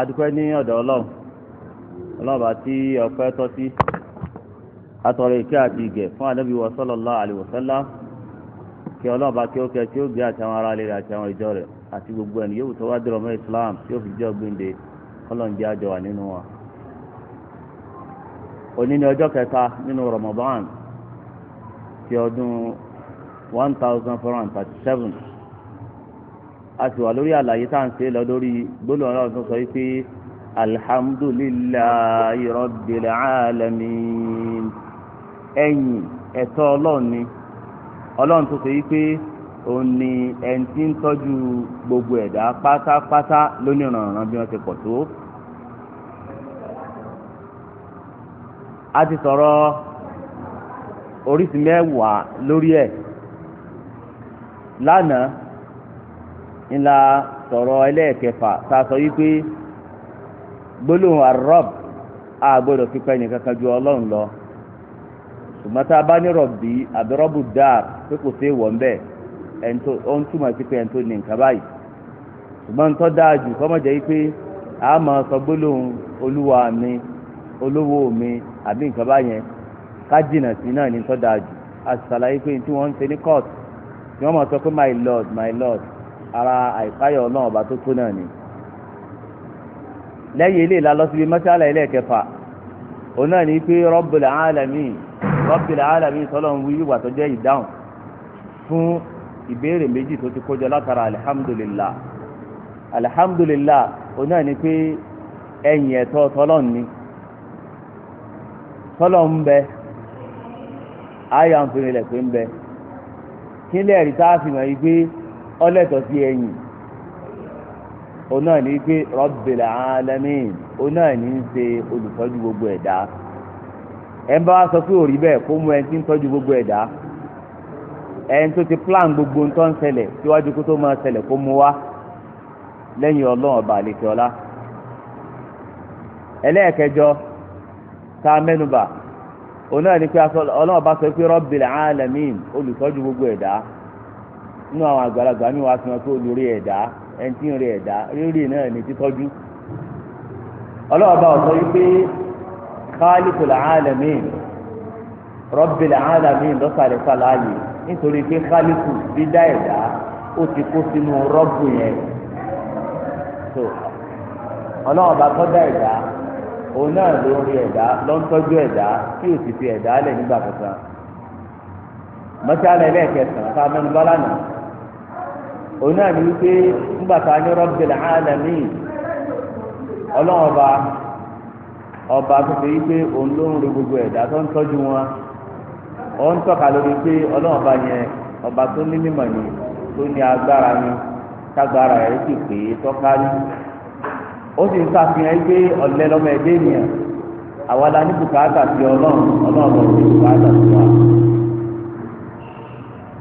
adúpẹ́ ní ọ̀dọ̀ ọlọ́run ọlọ́run bá tí ọpẹ́ tọ́ sí atọrọ ìkẹ́ àti ìgẹ̀ fún anábì wa sallallahu alaihi wasallam kí ọlọ́run bá kí ó kẹ́ tí ó gbé àti àwọn ará ilé rẹ̀ àti àwọn ìjọ rẹ̀ àti gbogbo ẹni yóò tó wá dúró mọ́ Islam tí ó fi jẹ́ gbìndé ọlọ́run jẹ́ àjọ wà nínú wa. òní ni ọjọ́ kẹta nínú Ramadan ti ọdún one thousand four hundred thirty seven a sì wà lórí àlàyé tá à ń ṣe lọ lórí gbólóhùn ọlọ́run tó sọ wípé alhamdulillahi rabbil alamin ẹ̀yìn ẹ̀tọ́ ọlọ́run ni ọlọ́run tó sọ wípé òun ni ẹni tí ń tọ́jú gbogbo ẹ̀dá pátápátá lónìrànràn bí wọ́n ti pọ̀ tó. a ti sọ̀rọ̀ oríṣi mẹ́wàá lórí ẹ̀ lánàá ńlá sọ̀rọ̀ ẹlẹ́ẹ̀kẹfà tá a sọ yí pé gbólóhùn arọ́b a gbọ́dọ̀ fi pẹ́ nìkankan ju ọlọ́run lọ ṣùgbọ́n tá a bá ní rọ̀bì àbí rọ́bù dáa pé kò sí ìwọ̀ ńbẹ́ ó ń túmọ̀ sí pé ẹni tó ní nǹkan báyìí ṣùgbọ́n tó dáa jù kọ́mọ̀ jẹ́ pé a máa sọ gbólóhùn olúwa mi olówó mi àbí nǹkan báyẹn ká jìnnà sí náà ní tó dáa jù a sì ṣàlàyé pé tí wọ́n ń ṣe ní court tí wọ́n máa sọ pé my lord my lord ara àìkáyọ̀ ọlọ́run ọba tó tó náà ni lẹ́yìn ilé ìlàlọ́síbi mọ́ṣálà ilé ẹ̀kẹfà òun náà ní pé Rabbul Alamin Rabbul Alamin sọlọ́run wí ìwà tó jẹ́ ìdáhùn fún ìbéèrè méjì tó ti kójọ látara alihamudulilá alihamudulilá òun náà ní pé ẹ̀yìn ẹ̀tọ́ tọ́lọ́run ni tọ́lọ́run ń bẹ àyà ń fi pé ń bẹ kílẹ̀ rí tá a fi mọ̀ yìí pé ọlẹ́tọ̀ sí ẹ̀yìn òun náà ní pé Rabbil alamin òun náà ní í ṣe olùtọ́jú gbogbo ẹ̀dá ẹ̀ ń bá wa sọ pé òrí bẹ́ẹ̀ kó mú ẹni tí ń tọ́jú gbogbo ẹ̀dá ẹni tó ti plan gbogbo ń tọ́ ń ṣẹlẹ̀ síwájú kó tó máa ṣẹlẹ̀ kó mú wá lẹ́yìn ọlọ́run ọba àlekè ọlá ẹlẹ́ẹ̀kẹjọ tá a mẹ́nubà òun ní pé ọlọ́run ọba sọ pé Rabbil alamin olùtọ́jú gbogbo ẹ̀dá nínú àwọn àgbàlagbà ní wàá fi hàn pé olórí ẹ̀dá ẹni tí ń rí ẹ̀dá rírì náà ní títọ́jú ọlọ́ọ̀bá ọ̀sọ́ yìí pé khaliqul alamin rabbil alamin lọ́sàlẹ̀ sàlàyé nítorí pé khaliqu dídá ẹ̀dá ó ti kó sínú rọ́bù yẹn tó ọlọ́ọ̀bá tọ́jà ẹ̀dá òun náà ló ń rí ẹ̀dá ló ń tọ́jú ẹ̀dá kí ó sì fi ẹ̀dá lẹ̀ nígbà kankan mọ́tí alẹ́ lẹ́ẹ̀kẹsàn-án ká mẹ́nu bá lánàá. òun náà ní wípé ńgbàtà ní na Alamin ọlọ́run ọba ọba tó fi wípé òun ló ń gbogbo ẹ̀dá tó ń tọ́jú wọn ó ń tọ́ka lórí ọba yẹn ọba tó ní mímọ̀ ni tó ní agbára ni tágbára sì pé tọ́ka ó sì ń sàfihàn ọ̀lẹ́ lọ́mọ ẹ̀dẹ́ ọba ní bùkátà sí wa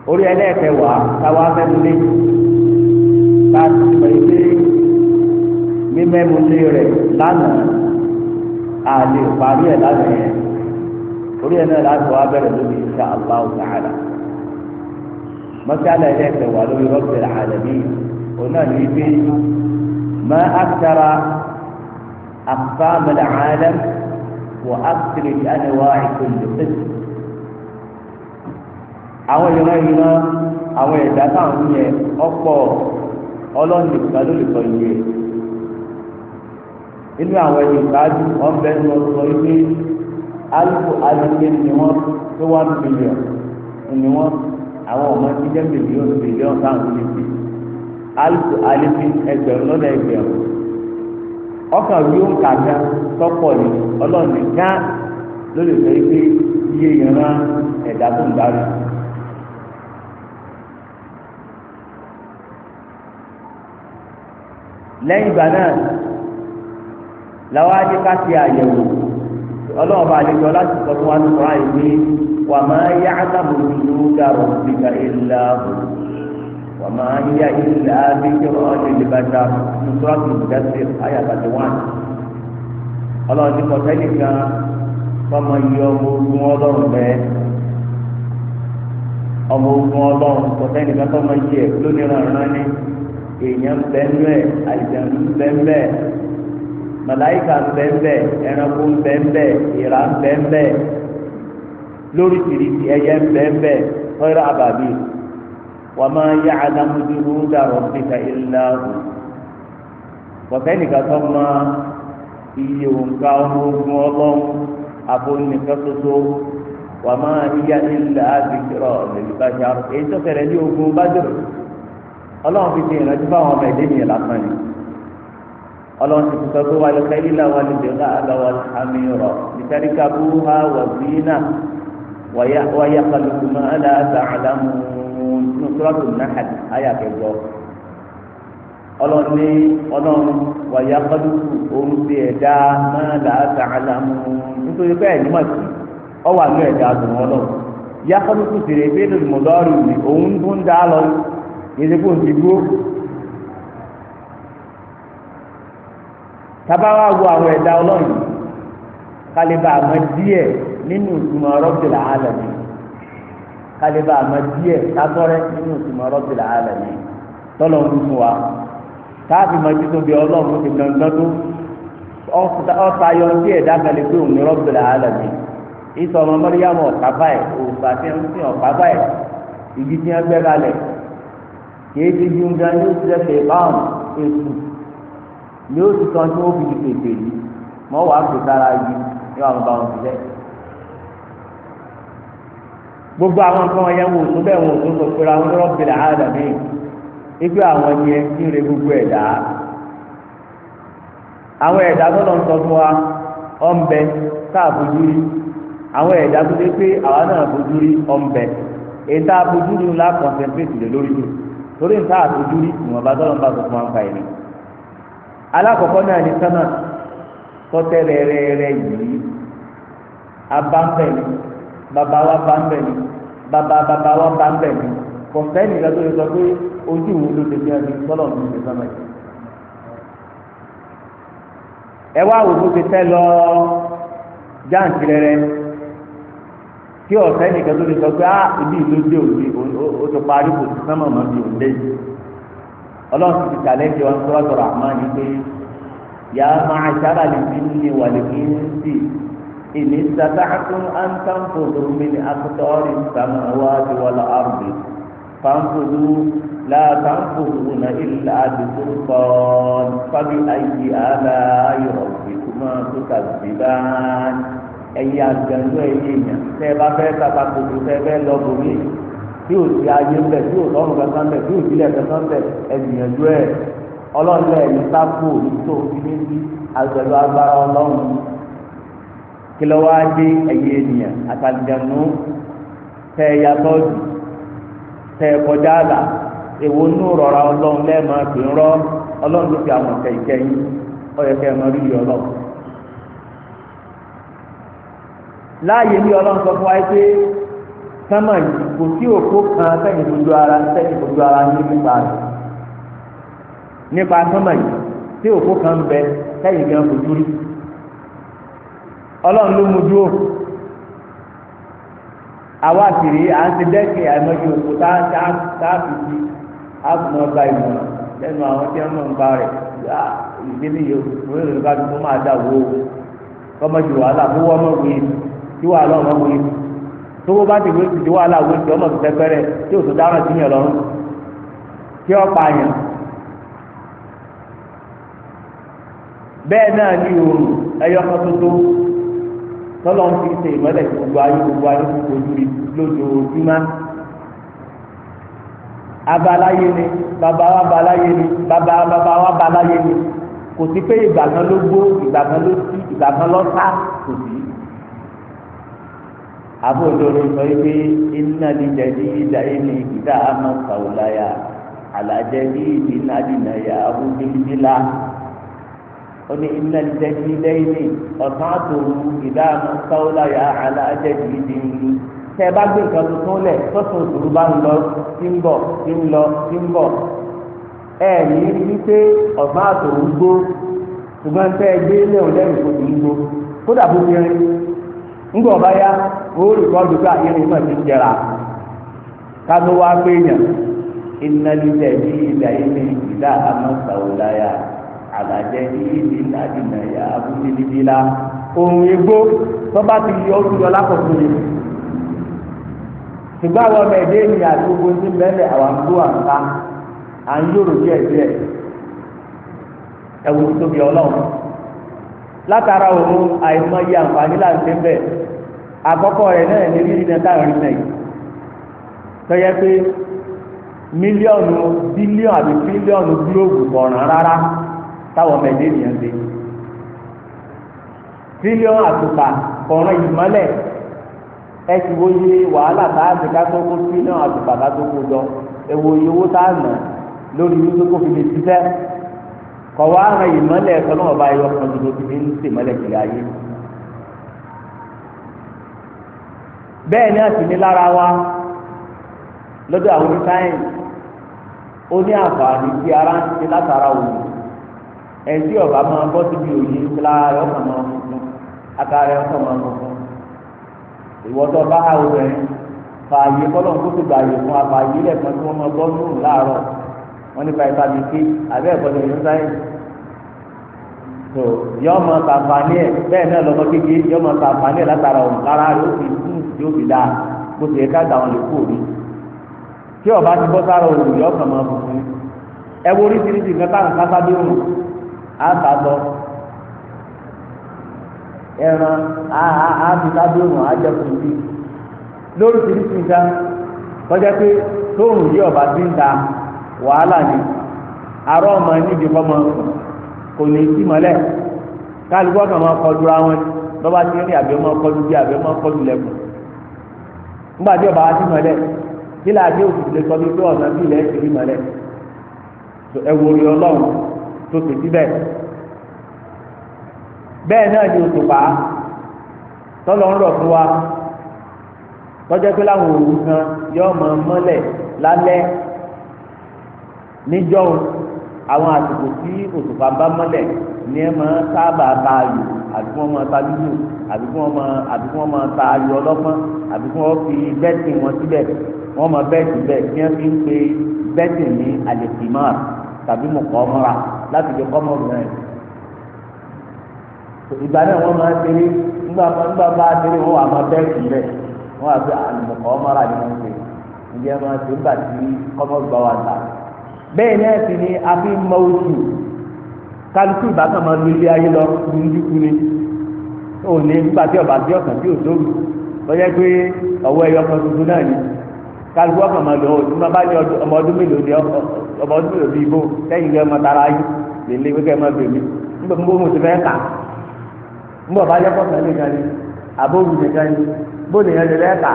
orí táwa láti mọ ilé mímẹ́múlé rẹ̀ lánàá àlè parí ẹ̀ lánàá yẹn orí ẹ̀ náà láti wá bẹ̀rẹ̀ lórí insha Allah ta'ala mọ́sálà ẹ̀ lẹ́sẹ̀ wà lórí Rabbil alamin òun náà ní ibi ma akthara aqsam al-alam wa akthar al àwọn ìran ìran àwọn ẹ̀dá táwọn yẹn ọ̀pọ̀ ọlọ́run ìgbà ló lè sọ iye inú àwọn ẹni ìgbàdú wọn bẹ ní wọn sọ ibi alifu alike ni wọn tó wá mílíọ̀n ni wọn àwọn ọmọ ti jẹ́ mílíọ̀n mílíọ̀n káwọn ti fi alifu alifi ẹgbẹ̀rún lọ́dọ̀ ẹgbẹ̀rún ọkàn yóò kàkà tọ́pọ̀ ni ọlọ́run ìgbà ló lè sọ ibi iye ìran ẹ̀dá tó ń darí. lẹ́yìn ìgbà náà làwọn adé ká ti àyẹ̀wò ọlọ́run bá àlejò láti sọ fún wa ní kọ́ra yìí pé wà máa yá ádámù ìlú dàrú bìkà ìlà wà máa yá ìlà bìkà ọ̀dẹ̀ ìlẹ̀bàtà nùtúrọ̀tù ìdásẹ̀ àyàbàtà wà. ọlọ́run ti kọ́ sẹ́yìn kan fọmọ ọmọ ogun ọlọ́run bẹ́ẹ̀ ọmọ ogun ọlọ́run kọ́ sẹ́yìn kan fọmọ lónìí èèyàn bẹ́ẹ̀nbẹ́ àlìjánu bẹ́ẹ̀nbẹ́ màláìka bẹ́ẹ̀nbẹ́ ẹranko bẹ́ẹ̀nbẹ́ ìrà bẹ́ẹ̀nbẹ́ lórí tìrìtì ẹyẹ bẹ́ẹ̀nbẹ́ ọ̀rọ̀ àbàbí wà máa yá àdàmúdú rúdà rọ̀bìkà ìlàhù kọ̀tẹ́nìkà tó mọ iye òǹkà ọmọogun ọlọ́run àfọ̀nìkà soso wà máa yá ìlà àbíkírọ̀ lẹ́yìn bá ṣe àrùn èyí tó fẹ̀rẹ̀ ní ogun bá dùn. ọlọ́run fi di ìrántí fáwọn ọmọ ẹ̀dẹ́ nìyẹn lásán ni ọlọ́run ti sọ pé wàá lọ́kẹ́ lílà wà lè àlọ́wọ́ àmì rọ̀ ha wà zina wàyà kàlùkù máa náhàd ayà ọlọ́run ní ọlọ́run wàyà kàlùkù òun ti ẹ̀dá nítorí màtí ẹ̀dá yà kàlùkù ìdìbò ti dúró tabawa wo àwọn ẹ̀dá ọlọ́run kálíbà àmọ́ díẹ̀ nínú ìtumọ̀ rọ́bìlà àlàmì kálíbà àmọ́ díẹ̀ tábọ́rẹ́ nínú ìtumọ̀ rọ́bìlà àlàmì tọ́lọ̀ ń mú wa káàbì mọ títún bí ọlọ́run ti gbọ̀ngàn tó ọ̀sà yọ sí ẹ̀dá kan lè pé òun ní rọ́bìlà àlàmì ìsọ̀rọ̀ mọ́ríyàmọ̀ ọ̀kábà ẹ̀ òòfà tí wọ́n ń sìn kìí ti ju nga ní o ti sẹ fẹ báwọn ètù ní o ti sàn tí o fi di pèpè yìí mọ wàá pè sára yìí ní wàá bá wọn ti sẹ. gbogbo àwọn nǹkan wọn yẹn wò tó bẹ́ẹ̀ wò tó sọ pé ra wọn lọ́rọ́ bẹ̀rẹ̀ àádà mí ibi àwọn yẹn ń re gbogbo ẹ̀dá àwọn ẹ̀dá tó lọ ń sọ fún wa ọ̀nbẹ káàbójú rí àwọn ẹ̀dá tó dé pé àwa náà bójú rí ọ̀nbẹ ètò àbójú rí ńlá kọ̀ǹtẹ̀ńtẹ̀tì lórí yìí torí nǹkan àfojúrí ìwọ̀nba tọ́lọ́ ń bá sọ fún wa ń fa ẹ̀mí. alákọ̀ọ́kọ́ náà ní sánà tọ́tẹ́ rẹ́rẹ́rẹ́ yìí abáńbẹ̀ ni bàbá wa báńbẹ̀ ni bàbá bàbá wa báńbẹ̀ ni kọ̀ọ̀tẹ́ nìkan tó yẹ sọ pé ojú wo ló ti fi ẹ wá wò ó ti fẹ́ lọ jáǹtì rẹ́rẹ́ tí ọ̀sẹ̀ nìkan tó lè sọ pé ah ibi ìlú dé òde ó ti parí kò sí sánmọ̀ mọ́ bí òde yìí ọlọ́run ti challenge wọn tó wá sọ̀rọ̀ àmọ́ ni pé yà á máa ṣára lè fi ní wàlẹ̀ kí n sì ìní sàtàkùn àǹtàǹfòdò mi ní akutọ́ọ̀rì sàmà wá ti wọlé àrùbí fàǹfòdò látàǹfòdò nà ilà àdìgbò kọ́ọ̀n fábí àyè àlà ayọ̀ òbí kúmọ̀ tó tàbí báyìí. ẹ̀yin àgbẹ̀nu ẹ̀yin èèyàn tẹ́ ẹ bá fẹ́ tata kòtò tẹ́ ẹ fẹ́ lọ bòmí tí ò sí ayé ń bẹ̀ tí ò lọ́rùn kankan bẹ̀ tí kankan sáfù tó fi agbára kí dé ènìyàn ẹ jù ẹ kọjá àlà èwo nù rọra ló fi àwọn láàyè ní ọlọ́run sọ fún wa pé sánmà yìí kò sí òkú kan sẹ́yìn gbogbo ara sẹ́yìn gbogbo ara ní nípa rẹ̀ nípa kan bẹ sẹ́yìn gan kò dúró ọlọ́run ló dúró àwa àtìrí à ń ti àìmọye òkú tá a fi di a fún ọgbà ìmọ̀ràn lẹ́nu àwọn tí wọ́n mọ̀ ń bá rẹ̀ ìdílé máa dà wó wàhálà tí wàhálà ọ̀rọ̀ wọlé tó bó bá ti wé ti wàhálà wé ti ọmọ tuntun pẹrẹ tí òtún dáná sí yàn lọ́rùn tí ó pa yàn. bẹ́ẹ̀ náà ni òòrùn ẹyọ kan tuntun ń fi ṣe ìmọ́lẹ̀ gbogbo ayé gbogbo ayé gbogbo ojú rí lójoojúmọ́ ni baba wa balaye ni baba baba wa balaye ni kò sí pé ìgbà kan ló gbó ìgbà kan ló sí ìgbà kan ló sá kò sí abodoro sọ pé iná dídẹ ní ìdá ilé ìdá àmọ kàwùláyà àlàjẹ ní ìdí nàdínà yà abúgbélébílà ó Inna iná dídẹ ní ìdá ilé ọ̀sán àtòrò ìdá àmọ kàwùláyà àlàjẹ ní ìdí ìlú tẹ bá gbé nǹkan tuntun lẹ tọ́sùn òṣèlú bá ń lọ tí ń bọ̀ tí ń lọ tí ń bọ̀ ẹ ní wípé ọ̀sán àtòrò ń gbó ṣùgbọ́n tẹ́ ẹ gbé lẹ́hùn lẹ́hùn kò ní ń gbó kódà bó fi rin ńgbà ọba ya wọ́n olùkọ́dù pé àyẹ̀wò náà ti jẹra kátó wá pé yàn ìnàlídẹ̀ ní ilẹ̀ ilé ìdá amọ́sàwòláyà àlàjẹ́ ní ilé na ya abúlé la ohun egbó tọ́ba ti yọ oṣù lọ lákòókò ni ṣùgbọ́n àwọn ọmọ ẹ̀dẹ́ àwọn àgbo àǹká à ń yòrò díẹ̀ díẹ̀ ẹ̀wù tóbi ọlọ́run látara òun àìmọye àǹfààní bẹ́ẹ̀. àkọ́kọ́ rẹ̀ náà ní rírí náà táàrin náà yìí tọ́yẹ pé mílíọ̀nù bílíọ̀nù àbí tírílíọ̀nù gílóòbù kọ̀ọ̀ràn rárá táwọn ọmọ ẹ̀dẹ́ ènìyàn ṣe tírílíọ̀nù àtùpà kọ̀ọ̀ràn ìmọ́lẹ̀ ẹ ti wo iye wàhálà táàbì kátó kó tírílíọ̀nù àtùpà kátó kó jọ ẹ wo iye owó táàmù lórí wípé kó fi lè ṣiṣẹ́ kọ̀wá àrùn ìmọ́lẹ̀ ẹ̀kọ́ náà bá yọ ọkàn tuntun ti fi ń ṣèmọ́lẹ̀ kiri ayé bẹ́ẹ̀ náà sì ní lára wa lọ́dọ̀ àwọn oníṣáyẹ̀nsì ó ní àǹfààní tí ara ń ṣe látara òòlù ẹ̀sìn ọ̀bà máa bọ́ síbi òòlù ńlá rẹ̀ ọkàn máa funfun àtàrẹ̀ ọkàn máa funfun ìwọ́tọ̀ bá obìnrin fààyè kọ́lọ̀ ń kóso gbààyè fún afààyè lẹ́ẹ̀kan tí wọ́n máa bọ́ nù láàárọ̀ wọ́n ní fàìfàmì k àbẹ́ ẹ̀kọ́ so yọ ọmọ sàǹfààní ẹ bẹ́ẹ̀ náà lọmọ kékeré yọ ọmọ sàǹfààní ẹ látara ọhún rárá yóò fi kú yóò fi dáa kó ká wọn lè kú òní tí ọba ti sára máa ẹ wo oríṣiríṣi nǹkan tá à ń bí á lọ ẹran á á fi á jẹ fún bí lóríṣiríṣi nǹkan pé ọba ti ń ta wàhálà ni ọmọ kò ní sí mọ́lẹ̀ kálukú ọkàn máa kọlu ra wọn lọ́ba tí ń rí àbẹ̀ máa kọlu bí àbẹ̀ máa kọlu lẹ́kùn nígbà tí ọba wa sí mọ́lẹ̀ kí láàdé òkùnkùn lè sọ bí pé ọ̀nà bí ilẹ̀ ti rí mọ́lẹ̀ ẹ̀wò orí ọlọ́run tó ti síbẹ̀ bẹ́ẹ̀ náà ni òṣùpá tọ́lọ́ ń rọ̀ fún wa tọ́jọ́ pé láwọn òwú kan yọ ọmọ mọ́lẹ̀ lálẹ́ níjọ́un àwọn àsìkò tí òṣùpá bá mọ́lẹ̀ ní ẹ máa sábà ta ayò àbí kí wọ́n máa ta dúdú àbí kí wọ́n máa àbí kí wọ́n máa ta ayò ọlọ́pọ́n àbí kí wọ́n fi bẹ́ẹ̀tì wọn síbẹ̀ wọ́n máa bẹ́ẹ̀tì bẹ́ẹ̀ kí wọ́n fi ń pe bẹ́ẹ̀tì ní àlèkìmọ́ tàbí mọ̀kọ́ mọ́ra láti fi kọ́ mọ́ obìnrin ìgbà náà wọ́n máa tẹ̀lé ńgbà ńgbà bá tẹ̀lé wọ́n wà máa bẹ́ẹ̀ kì í bẹ́ẹ̀ wọ́n wà pé àlùmọ̀kọ́ mọ́ra ni wọ́n ṣe ìdí ẹ̀ máa ṣe ńgbà tí kọ́mọ́ gbà wà ta bẹ́ẹ̀ náà sì ni a fi mọ oṣù kálukú ìbátan máa ayé lọ lùdíkù ni ó ní nígbà tí ọba tí ọ̀sán tí ò tóbi lọ́jọ́ pé ọwọ́ ẹyọ kan tuntun náà ni kálukú ọkàn máa lọ ọdún máa bá ní ọmọ ọdún mélòó ni ọmọ ọdún mélòó bí sẹ́yìn ọmọ tara ayé lè lé wíkẹ́ bèmí nígbà tí mo ti fẹ́ kà nígbà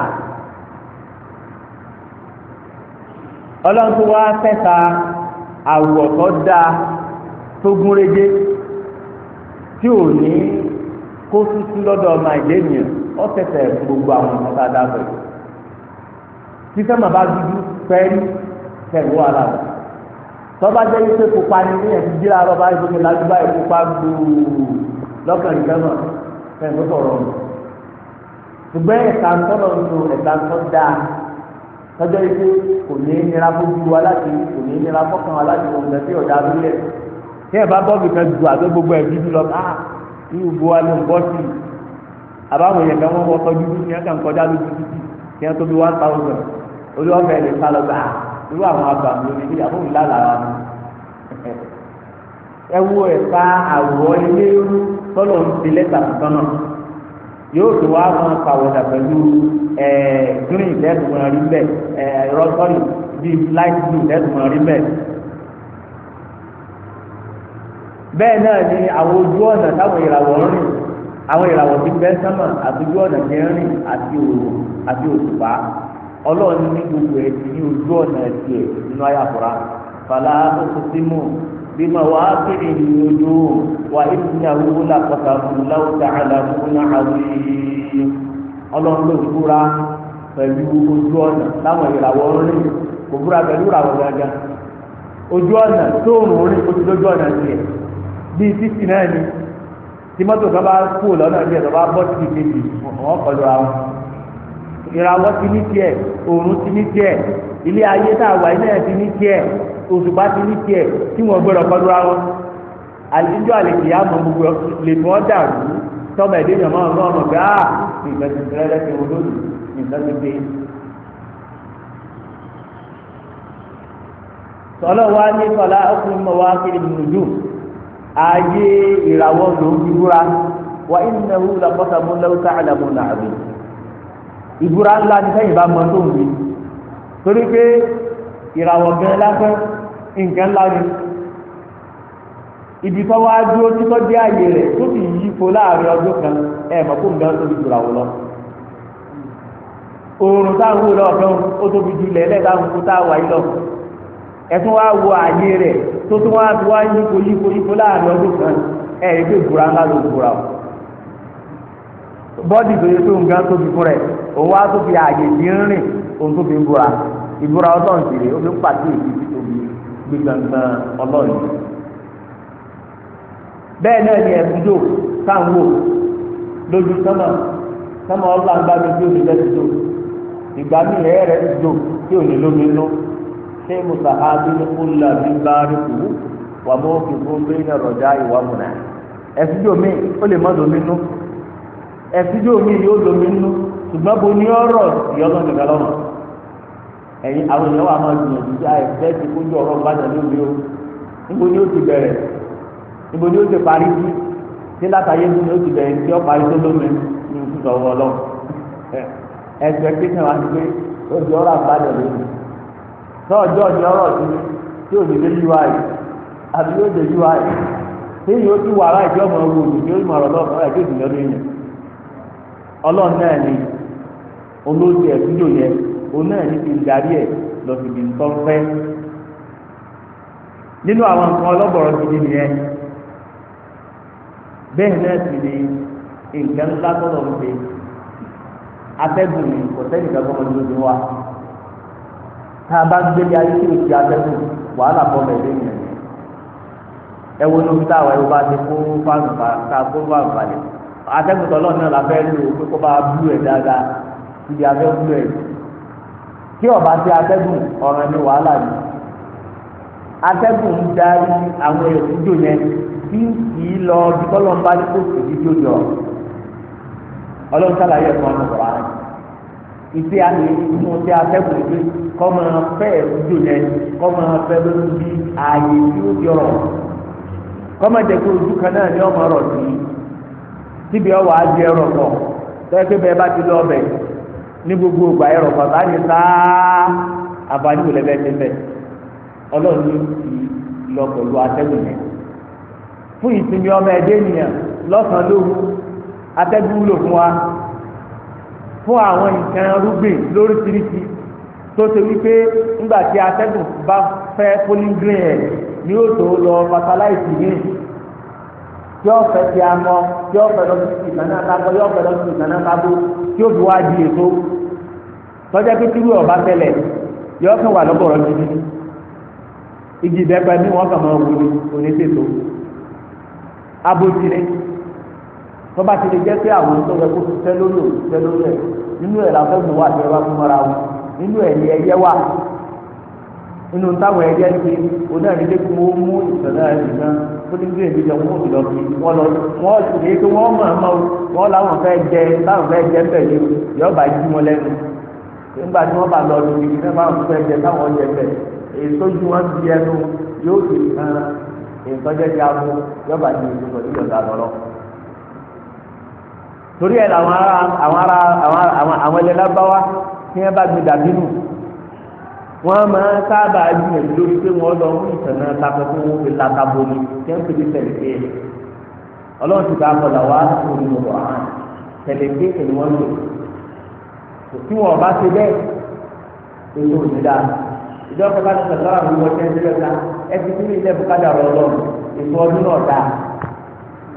ọlọ́run tó wá fẹ́ta àwọ̀ tó dáa tó gúnrégé tí ò ní kó tútú lọ́dọ̀ ọmọ ìlẹ́yìn ọ tẹ̀sẹ̀ gbogbo àwọn ọmọ tá a dábọ̀ yìí tí sẹ́mà bá dúdú pẹ́ẹ́lí pẹ̀lú ara rẹ̀ tọ́ba jẹ́ yí pé pupa ni ní ẹ̀sìn jíra rọ́bà ìgbóni lájúbá ìpupa gbòòrò lọ́kàn ìfẹ́mọ̀ pẹ̀lú sọ̀rọ̀ ṣùgbọ́n ẹ̀ka ń tọ́lọ̀ ń lo ẹ̀ka ń tọ́ dáa tọ́jọ́ yìí pé kò ní nira bójú wa láti kò ní nira fọ́kàn wa láti wọ̀n lẹ́sẹ̀ ọ̀dà abúlé tí ẹ̀ bá bọ́ọ̀lù kan ju àgbẹ̀ gbogbo ẹ̀ bíbí lọ ká ní ìbò wa ló ń bọ́ sí i àbáwọn èèyàn kan wọ́n wọ́n tọ́jú ní ẹ̀ka ń kọjá lójú títì kí wọ́n tó bí one thousand olúwàfẹ́ lè sá lọ gbà ah, irú àwọn abàmì omi àbúrò lálàá ẹ wo ẹ̀ka àwọ̀ ilé tọ́lọ̀ ń ti lẹ́tà tọ́nà yóò tó wá máa pàwọ̀dà pẹ̀lú green lẹ́sùn rí bẹ́ẹ̀ rọ́sọ́rì bíi light blue lẹ́sùn rí bẹ́ẹ̀. bẹ́ẹ̀ náà ni àwọn ojú ọ̀nà táwọn ìràwọ̀ ń rìn àwọn ìràwọ̀ ti bẹ́ sánmà àti ojú ọ̀nà ti ń rìn àti òòrùn àti òṣùpá ọlọ́run ní gbogbo ẹ̀ ti ní ojú ọ̀nà ẹ̀ tiẹ̀ nínú ayàkùrá fàlà tó tó símù بمواطن النجوم وإنه لقسم لو تعلمون عظيم ọlọ́run ló fúra pẹ̀lú ojú ọ̀nà táwọn ìràwọ̀ rìn kò fúra pẹ̀lú ìràwọ̀ gángan ojú ọ̀nà tó ń rìn ojú lójú ọ̀nà tiẹ̀ bíi títì náà ni tí mọ́tò kan bá kú lọ́nà tiẹ̀ tó bá bọ́ sí ìkejì wọ́n kọlu ra wọn ìràwọ̀ ti ní tiẹ̀ òòrùn ti ní tiẹ̀ ilé ayé tá a wà yìí náà ti ní tiẹ̀ òṣùpá ti ní tiẹ̀ tí wọ́n gbọ́dọ̀ kọ́dúrà wọn àlejò àlejò yà mọ gbogbo lè mọ́ dàrú tọ́mọ ẹ̀dẹ́ yàn máa ń rán ọmọ pé áà ah, nǹkan ti tẹ́lẹ̀ lẹ́sẹ̀ wọn lónìí nǹkan ti dé. sọlọ wa ní sọlá ọkùnrin mọ wa kiri nùdù ààyè ìràwọ̀ ló ń dúra wa innahu laqasamun law ta'lamuna 'azim ìbúra ńlá ni sẹ́yìn bá mọ tó ń wí torí pé ìràwọ̀ gan lásán. nǹkan ńlá ni ibi tó wá dúró títọ́ dé àyè rẹ̀ tó sì yípo láàrin ọdún kan ẹ mọ̀ kó nǹkan tóbi jùlọ lọ oòrùn táwọn wò ó tóbi lẹ́lẹ́ táwọn kó wà lọ wá wo rẹ̀ tó tún wá wá kan ẹ̀ pé ìbúra ńlá ló o bọ́dì tó yẹ tó nǹkan tóbi fún rẹ̀ òun wá àyè òun gbígbàgbà ọlọ́run bẹ́ẹ̀ náà ni ẹ̀bùdó káwọ́ lójú sọ́mà sọ́mà ọlọ́ àgbàdo tí ó lè lẹ́sùdó ìgbà mi ẹ̀ rẹ̀ dùdó tí ò ní lómi nú ṣé musa abiru kúlà mi bá rí kú wà mọ́ òkè fún bẹ́ẹ̀nà rọ̀jà ìwà múnà ẹ̀sùdó mi ó lè má lómi nú ẹ̀sùdó mi yóò lómi nú ṣùgbọ́n bo ní ọ̀rọ̀ ìyọ́nà nìkan lọ́rùn. ẹ̀yin àwọn èèyàn wà máa gbìyànjú sí àìsẹ́ ti kójú ọ̀rọ̀ ìbàdàn lóbi o níbo ni ó ti bẹ̀rẹ̀ níbo ni ó ti parí sí sí látàyé níbo ni ó ti bẹ̀rẹ̀ tó lómi ní lọ kékeré wa ti pé ó di tí àbí yóò tí yóò ti wà láì tí ọmọ òun náà ní ti ń darí ẹ̀ lọ sí ibi nǹkan fẹ́ nínú àwọn nǹkan ọlọ́bọ̀rọ̀ gidi bẹ́ẹ̀ náà sì ni nǹkan ńlá tọ́lọ̀ ń ṣe atẹ́gùn ní kọ̀tẹ́nì kan kọ́mọ lójú wa tá a bá gbélé ayé tí o ti atẹ́gùn wàhálà bọ́ bẹ̀rẹ̀ yẹn ẹ wo ní omi táwa ẹ wo bá ti kó fáànù bá ká kó fáànù balẹ̀ atẹ́gùn tọ́lọ̀ náà la fẹ́ lò pé kó bá bú ẹ̀ tí ọba ti atẹ́gùn ọ̀ràn ni wàhálà atẹ́gùn ń darí àwọn èkújò yẹn tí kì í lọ bí kọ́lọ́mbá ní kò sì dídí òjò ọlọ́run sàlàyé ẹ̀kọ́ ọ̀nà ọ̀rọ̀ ààrẹ ìdí àmì inú tí atẹ́gùn gbé kọ́ máa fẹ́ èkújò yẹn bí ààyè tí ó ojú kan náà ọmọ ọ̀rọ̀ sí síbi ọwọ́ pọ̀ ní gbogbo ògbà ẹ̀rọ bàbá ni sáá àbájú wò ti bẹ̀ ní lọ pẹ̀lú atẹ́gùn yẹn fún ìsinmi ọmọ ẹ̀dẹ́ ènìyàn atẹ́gùn fún wa fún àwọn nǹkan rúgbìn lóríṣiríṣi tó ṣe wípé nígbà tí bá lọ fatalaisi tí ti amọ tí lọ sí tí lọ sí tọ́jà pé tíwú ọba tẹ́lẹ̀ yọ kàn wà lọ́bọ̀rọ̀ gidi igi ìbẹ́pẹ ní wọ́n kàn máa wù ní oníṣètò abojire tọ́ba ti lè jẹ́ pé àwọn tó yẹ kó tẹ́ lórí òkú tẹ́ lórí ẹ̀ nínú ẹ̀ làwọn fẹ́ wà tẹ́ wá fún mọ́ra wọn nínú ẹ̀ ni ẹyẹ wà nínú táwọn ẹyẹ ń ṣe onáà nílé kí wọ́n mú ìṣẹ̀lẹ̀ ẹ̀ nìkan tó ní gbé ìdíje wọn ò lọ bí wọn lọ wọn sì lè pé wọn mọ̀ ọ́n mọ́ wọn làwọn fẹ́ jẹ táwọn fẹ́ jẹ bẹ́ẹ̀ ni nígbà tí wọ́n bá lọ lu ibi náà máa fẹ́ jẹ táwọn jẹ bẹ̀ èso ju wọn di ẹnu yóò fi kan ìtọ́jẹ́ ti abú yọba di ìdúró ní ìyọ̀dà lọ́lọ́. torí ẹ̀ làwọn ará àwọn ará àwọn àwọn ẹlẹ́lá bá wá kí wọ́n bá gbé dàbí nù wọ́n máa sábà gbìyànjú lórí pé wọ́n lọ fún ìtànà takọ fún wọn fi látàbò ni kí wọ́n fi di tẹ̀lẹ̀kẹ́ ọlọ́run ti bá a kọ̀ làwọn á sọ̀rọ̀ nínú ọ̀hán tẹ̀lẹ̀kẹ́ ni lò tí wọn bá ṣe bẹ́ẹ̀ èyí ò ní dáa ìjọ kẹta ní sọ̀tọ́ àwọn ìwọ ṣe ń ṣe lọ́ta ẹ ti kú ilé bùkádà rọ lọ èso ọdún náà dáa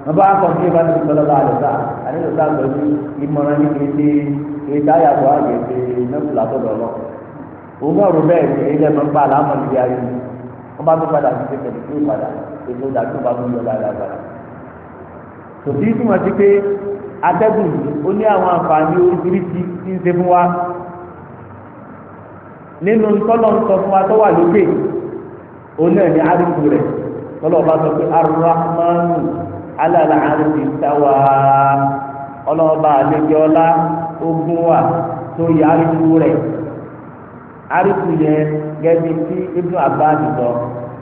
wọn bá kọ sí ìbánu ìsọlọ bá àlùfà àdéhùnsá pẹ̀lú ìmọ̀ràn ní kété kéta yàtọ̀ àgbègbè mẹ́fùlá tó lọ lọ òun náà rò bẹ́ẹ̀ ní ilé ẹ̀mọ́ gbà láàmú ìdí ayé wọn bá tó padà sí ṣe pẹ̀lú tó padà èso ìdàgbàsókè bá tó lọ dáadáa atẹ́gùn yìí ó ní àwọn àǹfààní oríṣiríṣi tí ń ṣe fún wa nínú tọ́lọ̀ ń sọ fún wa tó wà lókè òun náà ní arúgbó rẹ̀ tọ́lọ̀ bá sọ pé arúgbó alala arúgbó sáwà ọlọ́ọ̀bá àlejò ọlá ogun wa tó yẹ arúgbó rẹ̀ arúgbó yẹn gẹ́gẹ́ tí ibùdó àbá àdìgbò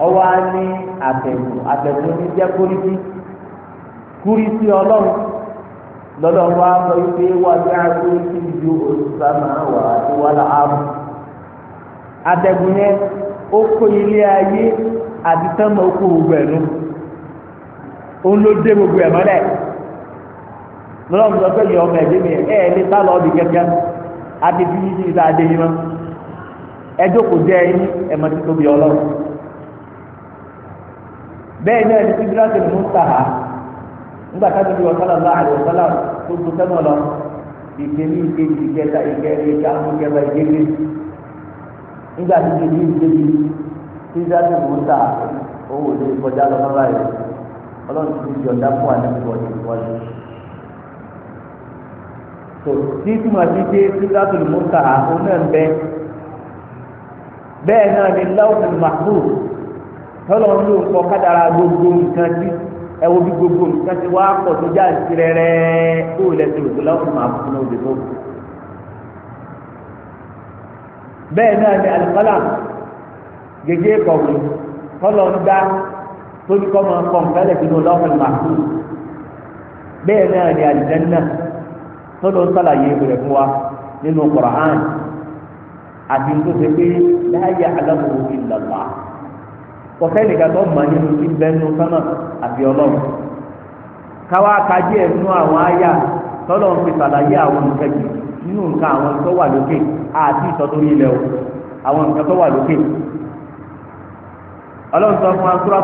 ọwọ́ á ní àtẹ̀gùn àtẹ̀gùn ní jẹ́ kúrísí kúrísí ọlọ́run. lọ́dọ̀ wa sọ pé wà ní àti ti ju òṣùṣàmà wà àti wà là á mú. yẹn ó kó ilé ayé àti sánmà ó gbogbo ẹ̀ nù ó ló dé gbogbo ẹ̀ mọ́lẹ̀ lọ́dọ̀ mi sọ pé yọ ọmọ ẹ̀dẹ́ mi ẹ̀ ní ọ̀dì kẹ́kẹ́ àti fi sáà dé yín mọ́ jẹ́ ẹyin nígbà tá a tóbi wọ́n sálà láàyè wọ́n sálà tó tó sẹ́nu lọ ìkejì ìkejì ìkẹta ìkẹrin ìkàwọn ìkẹfà ìkejì nígbà tí ìkejì ìkejì tí sáré mọ́tà owó òde kọjá lọ mọ́ báyìí ọlọ́run ti di ọ̀dà fún àdébùbọ̀ ní ìwọ́lẹ̀. tó tí túmọ̀ sí pé tí sáré mọ́tà òun náà bẹ bẹ́ẹ̀ náà ni láwùjọ màkúù tọ́lọ́ ń lò ń kọ́ ẹ wo bí gbogbo nǹkan ti wá pọ̀ tó já sí rẹ́rẹ́ tó o lẹ ti rògbò láwùjọ máa fún un òdìbò. bẹ́ẹ̀ náà ni àlùfálà gègé kọ̀wé kọ́lọ̀ ń dá tóbi kọ́ máa kọ́ nǹkan lẹ̀ sínú lọ́wọ́ máa fún un. bẹ́ẹ̀ náà ni àlùjánnà tọ́lọ́ ń sàlàyé rẹ̀ fún wa nínú Kùránì àti nítorí pé láyé aláwọ̀ òfin kọfẹ nìkan tó mọ̀ nínú tí bẹ́ẹ̀ nù sánà àbí ọlọ́run káwá kájí ẹ̀ nú àwọn àyà tọ́lọ́ ń fi sàlàyé àwọn nǹkan nínú nǹkan àwọn lókè àti ilẹ̀ o àwọn nǹkan tó wà lókè fún akúrà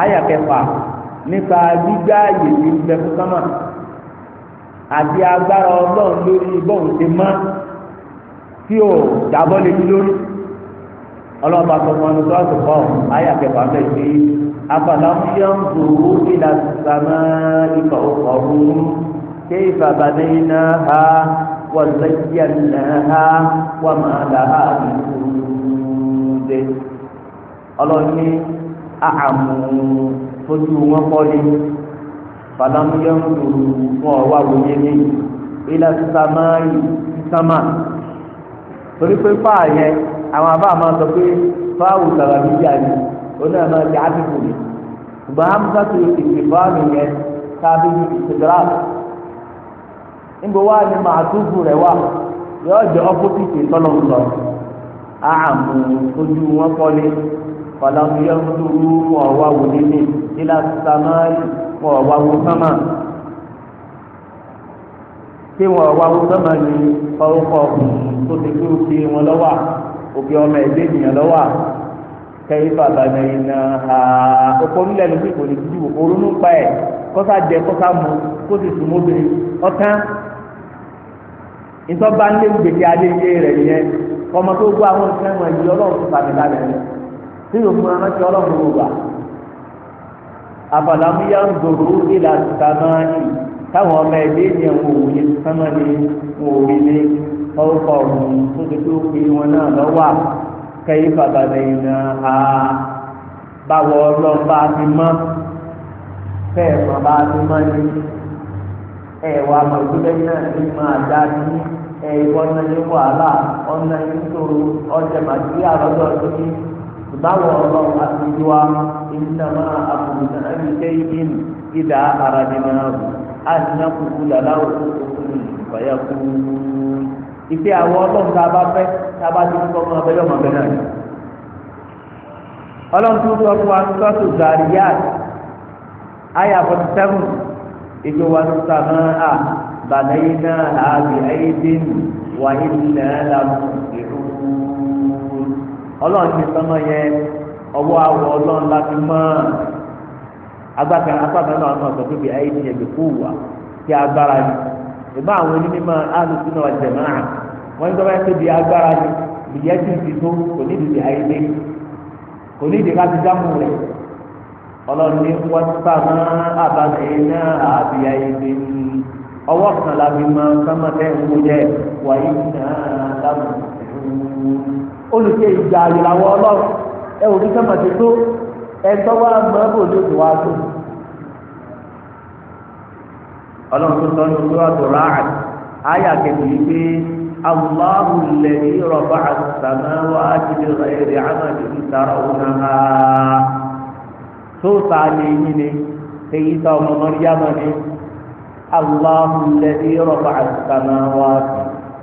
àyà kẹfà nípa gbígbá àti agbára ọlọ́ba tó mọ nípa àtúkọ́ ayé àkẹ́kọ̀ọ́ abẹ́ sí afàlà ń yọ ń gbòòrò ìlà sàmà ìfọ̀ ọ̀run ṣé ìfàbà ní iná ha wọ́n lẹ́yìn iná ha wọ́n máa là á dé ọlọ́ni àmú fojú wọn kọ́ fàlà ń yọ ń gbòòrò wọn wà wòye ní ìlà sàmà ìsàmà torí pé àwọn àbá máa sọ pé fáwù sàràbí yá ni oní àná ti áfíìkù ni ṣùgbọ́n hamza tó ìpè fáàmì yẹn káàbí ìṣèdúrà níbo wá ni màá túbù rẹ̀ wá yọ jẹ́ ọ́pọ́sìtì tọ́lọ́mùsọ àmù ojú wọn kọ́lé kọlọ́mù yẹn ń dúró wọn wá wò nílé nílá sàmáì wọn wá wò sámà tí wọn wá wò sámà ni ọkọ̀ tó ti kúrò sí wọn lọ́wọ́ òbí ọmọ ẹgbẹ́ ènìyàn lọ́wọ́ kẹ́yìn bàbá náà iná ha ọkọ nílẹ̀ ló fi kò ní dídì òru ló ń pa ẹ̀ kọ́sá jẹ kọ́sá mu kó sì sùn mọ́bìnrin ọ̀tán ìtọ́ba ń lé gbèsè alẹ́ iye rẹ̀ yẹn ọmọ tó gbọ́ àwọn nǹkan wọn yìí ọlọ́run ti fàmì lálẹ́ rẹ̀ tí yóò fún aránsẹ́ ọlọ́run ló wà. àbàlámúyá ń gbòòrò ìlà sàmáàlì táwọn ọmọ ẹgbẹ́ ènìyàn wò wòye sàmáàlì wò wòye ọ̀pọ̀ ọ̀hún tó ti tó pe wọn náà lọ́wọ́ kẹ́yìn bàbá lẹ́yìn náà á báwọ̀ ọlọ́run bá ti mọ́ bẹ́ẹ̀ mọ́ bá ti mọ́ ni ẹ̀ wà náà ní máa dá sí ẹ̀ náà ní wàhálà ọ̀nà ìṣòro ọjà tó ní báwọ̀ ọlọ́run àbùkù náà ní kẹ́yìn ìdá ara ní àti náà kúkú làlá òkú òkú ìpè àwọn ọlọ́run tá a bá fẹ́ tá a bá ti kọ́ ọmọ abẹ́lẹ́ ọmọ abẹ́lẹ́ náà ọlọ́run tó sọ fún wa sọ́tù zariyat aya forty seven ìjọ wa ní náà àbí ìlú ọlọ́run ti yẹn ọwọ́ àwọ̀ ìbá àwọn onímọ̀ alùpùpù náà jẹ̀mọ́ à wọ́n ní sọ́wọ́n tóbi agbára ni ìyẹ́ tí ń ti tó kò ní ìdìbò àyèlé kò ní ìdìbò láti dáhùn rẹ̀ ọlọ́run ní wọ́n sábà àbàtì náà àbí àyèlé ni ọwọ́ kan la fi máa sọ́mọ́ tẹ́ ń wo jẹ́ wàyí náà dáhùn olùkẹ́ ìgbà àyèlàwọ̀ ọlọ́run ẹ ò ní sọ́mọ́ ti tó ẹ tọ́wọ́ àmọ́ bò ló ti tó. ọlọ́run tó sọ ní sọ́ọ̀tù ráàd ayé àkẹ́kọ̀ọ́ yìí pé aláwo lè ní rọ̀bà àtàmà wá jíde rẹ̀ àmàdé ìtara òun náà tó sáàlì yìí ni èyí tó ọmọ mọ́ríyámọ́ ni aláwo lè ní rọ̀bà wá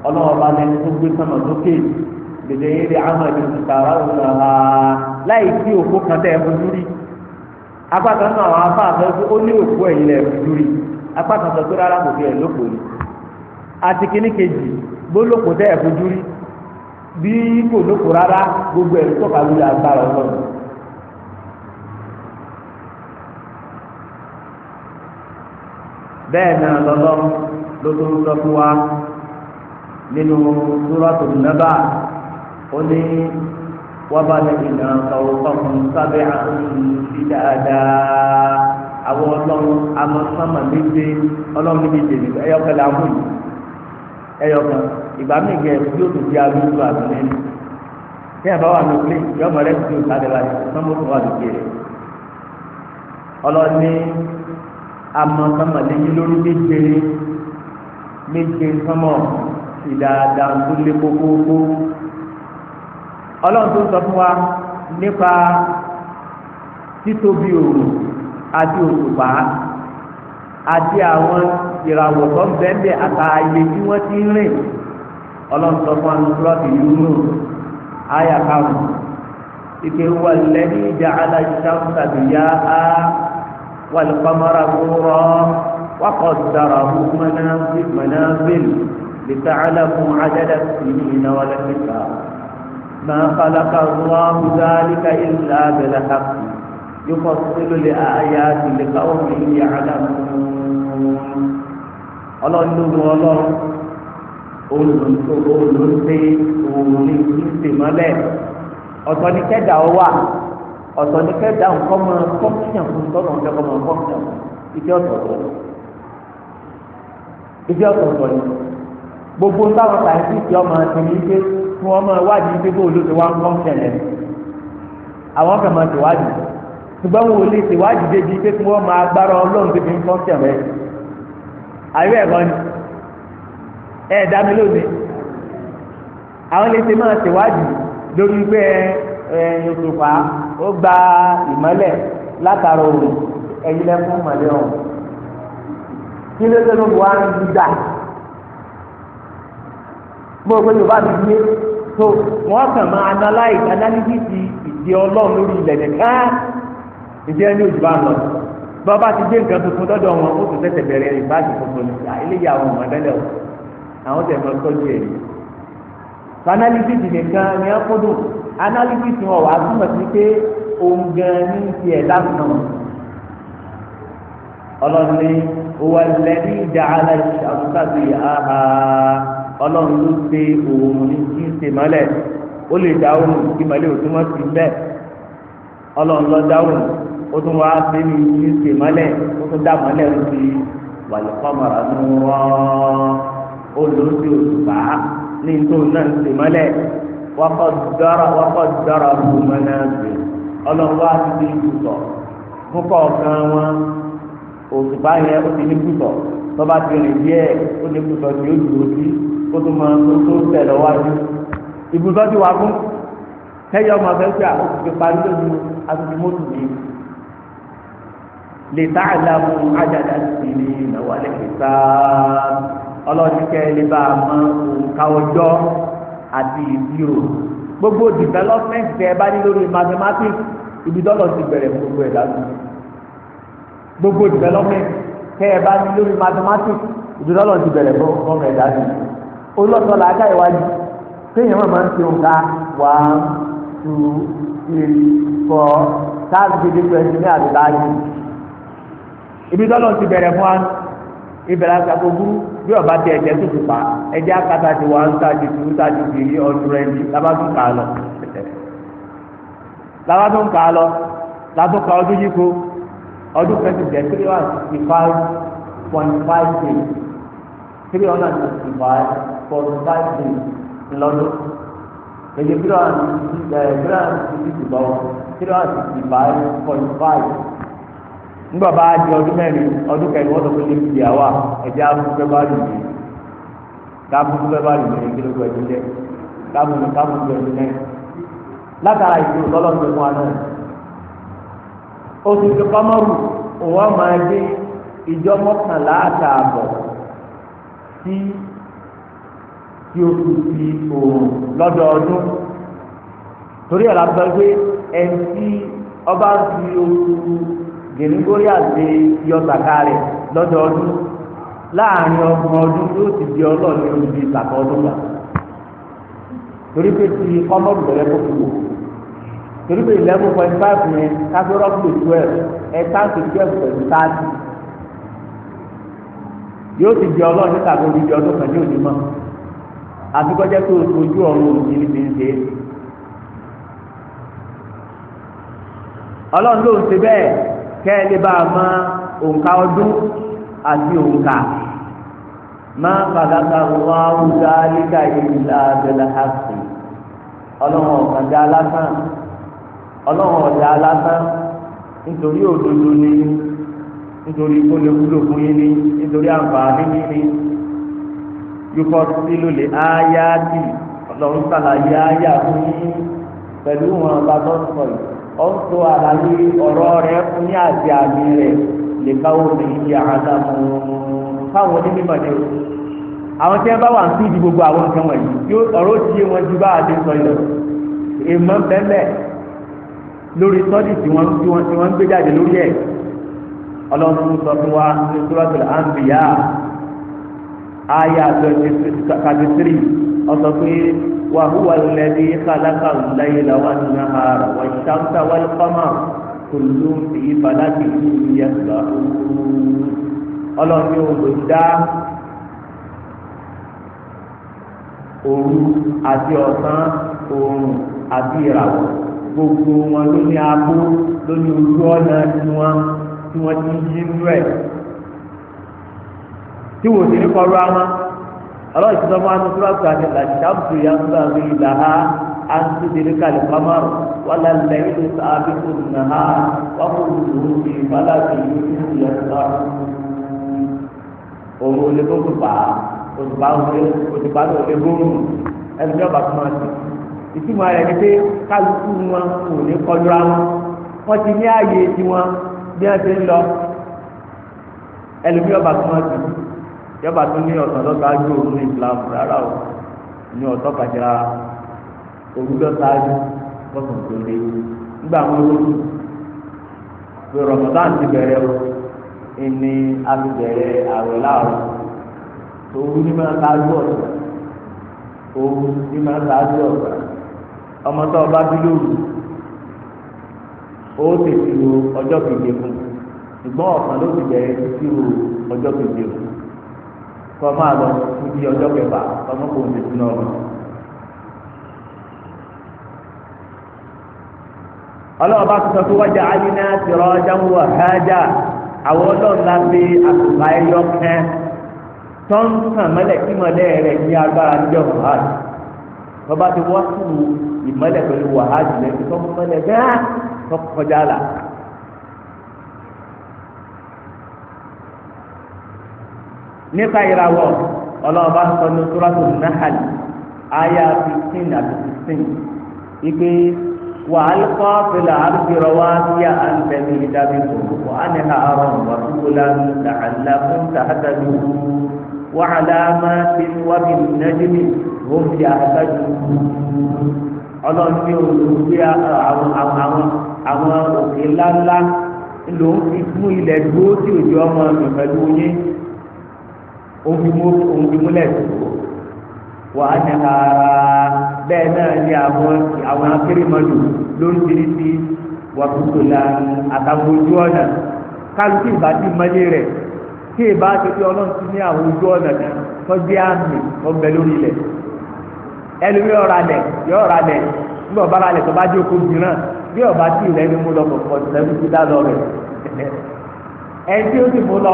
ọlọ́run bá lẹ́nu tó gbé sọ́nà lókè náà láì sí òkú kan fojú rí ó ní òkú ẹ̀yìn apá kan sọ pé rárá kò fi ẹ̀ lóko ni àti kíní kejì gbólóko tẹ́ ẹ̀ rí bí kò rárá gbogbo ẹ̀ tó kàwé agbára ọlọ́run. bẹ́ẹ̀ ló tó ń sọ fún wa àwọn ọlọ́run amọ̀sánmà méje ọlọ́run níbi ìjèlè ẹyọkẹ́ la mú yìí ẹyọkẹ́ ìgbà míì gẹ̀ yóò tó di arúgbó àtúnlẹ̀ tí a bá wà ní ilé yọmọ rẹ ti o sáré wáyé sọmọ tó wà lókè rẹ ọlọ́ni amọ̀sánmà méje lórí méje méje sọmọ ìdáadáa tó lé kókókó ọlọ́run tó sọ fún wa nípa títóbi òòrùn àti òṣùpá àti àwọn ìràwọ̀ tó ń bẹ́ẹ̀ àtàyè tí wọ́n ti ń rìn ọlọ́sọ fún anúkúrọ́ọ̀tì yúnú àyà karùn-ún ike wà lẹ́yìn ìjà aláìsàmùsà bìyà á wà lùpàmọ́ra kúrọ́ wàkọ̀ dara mọ̀nàfíl lìtàlámù àjẹ́dá sínú ìnáwó lẹ́kìtà. ما خلق الله ذلك إلا بالحق yufasilu li ayati li qawmin ya'lamun ọlọ́dúnrún ọlọ́run olùsọ olùsẹ òun ní ìsè mọ́lẹ̀ ọ̀tọ̀ ní kẹ́dà ọ wà ọ̀tọ̀ ní kẹ́dà nǹkan mọ́ kọ́míyàn fún tọ́nà ọ̀tọ̀ kọ́mọ kọ́míyàn fún ìdí ọ̀tọ̀ọ̀tọ̀ ni ìdí ọ̀tọ̀ọ̀tọ̀ ni gbogbo táwọn sàìsìtì ọmọ ẹni pé kí wọ́n máa wádìí bó olóṣèwà ń kọ́míyàn lẹ́nu àwọn kan máa ti ṣùgbọ́n wo lè ṣèwádìí débi pé kí wọ́n máa gbára ọlọ́run tó fi ń fọ́n tẹ̀ rẹ̀ àyè ẹ̀kọ́ ni ẹ̀ dá mi lónìí àwọn lè ṣe máa ṣèwádìí lórí pé ẹ òṣùpá ó gba ìmọ́lẹ̀ látara òòrùn ẹ̀yìn lẹ́kún mọ̀lẹ́ ọ̀hún kí ló dé lóko wá ń dídà mo rò pé yorùbá mi gbé tó wọ́n kàn máa analyze analysis ìdí ọlọ́run lórí ilẹ̀ nìkan ìjẹ́ ní òjò bá lọ bàbá ti gbé nǹkan tuntun lọ́dọ̀ wọn ó tún tẹ̀sẹ̀ bẹ̀rẹ̀ rìn báàgì tuntun ní ìgbà eléyìí àwọn ọmọ ẹgbẹ́lẹ̀ o àwọn tẹ̀ mọ́ tọ́jú ẹ̀ fanalysisi nìkan ni wọ́n kó dùn analysisi wọn wà á túmọ̀ sí pé òun gan ní ti ẹ̀ lásán ọlọ́run ní òwà lẹ́ni ìjà ara ìṣàkóso àhà ọlọ́run ló ṣe òun ní kí n ṣe mọ́lẹ̀ ó lè dá òun òtún mọ́ sí bẹ́ẹ̀ ọlọ́run lọ dá ó tún wá sí ní ìṣe mọ́lẹ̀ ó tún dá mọ́lẹ̀ ó ti wàlẹ̀ kọ́mọ̀rà ní wọ́n ó lò ó sí òṣùpá ní nítorí náà ń ṣe mọ́lẹ̀ wọ́kọ̀ dọ́rọ̀ wọ́kọ̀ dọ́rọ̀ bù mọ́nà bẹ̀ ọlọ́run wá sí ní ìbùsọ̀ fún kọ̀ọ̀kan wọn òṣùpá yẹn ó ti ní ìbùsọ̀ tọ́ba ti rìn díẹ̀ ó ní ìbùsọ̀ tí ó dúró sí kó tó máa tó tó tẹ̀ lọ́wọ́jú ìbùsọ̀ ti wà fún kẹ́yọ̀ ọmọ fẹ́ fẹ́ àkókò ti parí lójú àti ti mọ́tò yìí lè tá àlàmú àjàdá sí ní ìnáwó àlẹ́kẹ̀ẹ́sá ọlọ́ọ̀ni kẹ́ lè bá a mọ òǹkà ọjọ́ àti ìdírò gbogbo development tẹ ẹ bá ní lórí mathematics ibi dọ́lọ̀ ti bẹ̀rẹ̀ gbogbo ẹ̀ dájú gbogbo development tẹ ẹ bá ní lórí mathematics ibi dọ́lọ̀ ti bẹ̀rẹ̀ gbogbo ẹ̀ dájú olóòtọ́ la ká ìwájú téèyàn máa máa ń fi òǹkà one two three four táàbù gidi pẹ̀lú ní àdúgbò ayé ibi tọ́lọ̀ ti bẹ̀rẹ̀ fún wa ibẹ̀rẹ̀ àtàkó burú bí ọba tẹ ẹ̀jẹ̀ tó tùpá ẹ̀jẹ̀ akata ti wà ń sáàdì tù ń sáàdì tù yí ọdún rẹ̀ ní labadún kà lọ labadún kà lọ labadún kà ọdún yìí kó ọdún kẹsì jẹ three hundred sixty five point five days three hundred sixty five point five days lọ́dún èdè three hundred sixty eh, five point five nígbà bá di ọdún mẹ́rin ọdún kẹrin wọ́n tó fi lé ìdí àwa ẹ̀jẹ̀ abúgbẹ́ bá lù mí kábùgbẹ́ bá lù mí kí ló gbẹ ẹ̀jẹ̀ jẹ́ kábùgbẹ́ kábùgbẹ́ ẹ̀jẹ̀ jẹ́ látara ìṣòro tọ́lọ́ ti fún wa náà oṣù tó kọ́mọ́rù òwò máa dé ìjọ mọ́kànlá àtààbọ̀ sí tí oṣù ti òòrùn lọ́dọọdún torí ẹ̀ la gbọ́ pé ẹ̀ ń fi ọba fi oṣù. gèmígórí àti yọtàkà lọ́dọọdún láàrin ọgbọ̀n ọdún tó ti di ọlọ́ọ̀ni olùdí ìtàkà ọdún gbà torí pé ti kọ́mọ́dù bẹ̀rẹ̀ kó fi wò torí pé eleven five yẹn pẹ̀lú yóò ti di ọlọ́ọ̀ni tàbí olùdí ọdún kan ní mọ́ àfikọ́jẹ́ tó ojú ọ̀run kẹ́ẹ̀lẹ́ bá a mọ òǹkà ọdún àti òǹkà má kàdákà wá wúdà nígbà yìí lábẹ́lẹ́ àti ọlọ́run ọ̀kadà alásán ọlọ́run ọ̀dà alásán nítorí òdodo ni nítorí kó lè wúlò fún yín ni nítorí àǹfààní yín ni yóò kọ́ sílò áyá tì ọlọ́run sàlàyé áyá fún yín pẹ̀lú wọn bá tọ́ sọ yìí ọ̀tọ̀ àlàyé ọ̀rọ̀ rẹ̀ fún ní àti àmì rẹ̀ lè káwọ́ ní ìdí àhàdà mú káwọn onímọ̀ ni o àwọn tí wọ́n bá wà ń sí ìdí gbogbo àwọn nǹkan wọ̀nyí tí ọ̀rọ̀ tí wọ́n ju bá àdé sọ yìí lọ èèmọ̀ bẹ́ẹ̀ lórí sọ́ọ̀dì tí wọ́n tí wọ́n ń gbé jáde lórí ẹ̀ ọlọ́run sọ fún wa ní sọ́ọ̀tì àǹbìyà aya thirty three ọ̀sọ̀ pé wa huwa alladhi khalaqa al-layla wan-nahara wash-shamsa wal-qamara kullun fi falakin yasbahun ọlọ́ọ̀ni olùdá òru àti ọ̀sán oòrùn àti ìràwọ̀ gbogbo wọn ló abó ló ojú ọ̀nà tiwọn tí wọ́n ti yí nú ẹ̀ tí wò sí ní kọrọ àwọn ọlọ́run ti sọ fún àwọn sọ́kùnrin àti làṣàmùsù yà ń bá rí làhá à ń tún délé kalẹ̀ pamọ́ wọn là ń lẹ́yìn tó sá bí kò nà á wọn kò lù ú bí bàlá bí yóò tún yẹ sọ. òun ò lè tó tó bá òtùbá òtùbá ló lè gbóòórùn ẹni tí wọn tó máa ti ìtumọ̀ rẹ̀ ni pé kálukú wọn kò ní kọjú àwọn wọn ti ní ààyè tiwọn bí wọn ti ń lọ ẹlòmíràn bá tó máa ti. yọba tó ní ọ̀sán lọ́ta ájú òun ní ìsìlámù rárá o ní ọ̀sán kàjá òun lọ́ta ájú tó lé nígbà wọn ló ti bẹ̀rẹ̀ o ìní a ti bẹ̀rẹ̀ àwẹ̀ láàrọ̀ ní máa ọ̀sán ní máa ọ̀sán ọmọ tó ọba bí lóru ó tètè ọjọ́ fún ọ̀sán ló ti bẹ̀rẹ̀ títí ọjọ́ kọ́ máa lọ níbi ọjọ́ kẹfà ọmọ kò ní ìdúná ọ̀rọ̀. ọlọ́run bá tuntun tó wájà ayíná tìrọ jáwọ́ ọ̀hájà àwọn ọlọ́run la fi àtùpà ẹyọ kẹ́ tó ń tàn mọ́lẹ̀ kí mọ́lẹ̀ rẹ̀ ní agbára ní ọ̀hájà bàbá ti wọ́n sùn ìmọ́lẹ̀ pẹ̀lú wàhálà lẹ́yìn tó ń mọ́lẹ̀ tó kọjá là. nípa ìràwọ̀ ọlọ́run bá sọ ní túrọ́tù nahal aya fifteen àti sixteen ìpè wàhálì kọ́ fìlà àrùbìrọ̀ wá sí àǹtẹ̀mí ìdábì kòkòrò àníhà àrùn wàtúwòlá làálà fún tàhátàbí wàhálàmà tí wàbí nàdìmí wọn fi àtàjù ọlọ́run ní olùgbé àwọn àwọn òkè ńláńlá ló ń fi fún ilẹ̀ dúró tí òjò ọmọ mi pẹ̀lú yín ohun bí múlẹ̀ tó wà á ní ara bẹ́ẹ̀ náà ní àwọn àwọn akérèmọdò ló ń tiri sí wàkútó la àtàwọn ojú ọ̀nà kálukú ìbátí mọ́lé rẹ̀ tí ìbá ti fi ọlọ́run ti ní àwọn ojú ọ̀nà kan tọ́jú àmì ọbẹ̀ lórí ilẹ̀ ẹlòmí ọ̀rọ̀ alẹ̀ yọ ọ̀rọ̀ alẹ̀ nígbà ọba alẹ̀ tó bá dé oko mìíràn bí ọba tí ìrẹ́ni mú lọ kọ̀ọ̀kan ìrẹ́ni ti dá lọ rẹ̀ ẹni tí ó sì mú lọ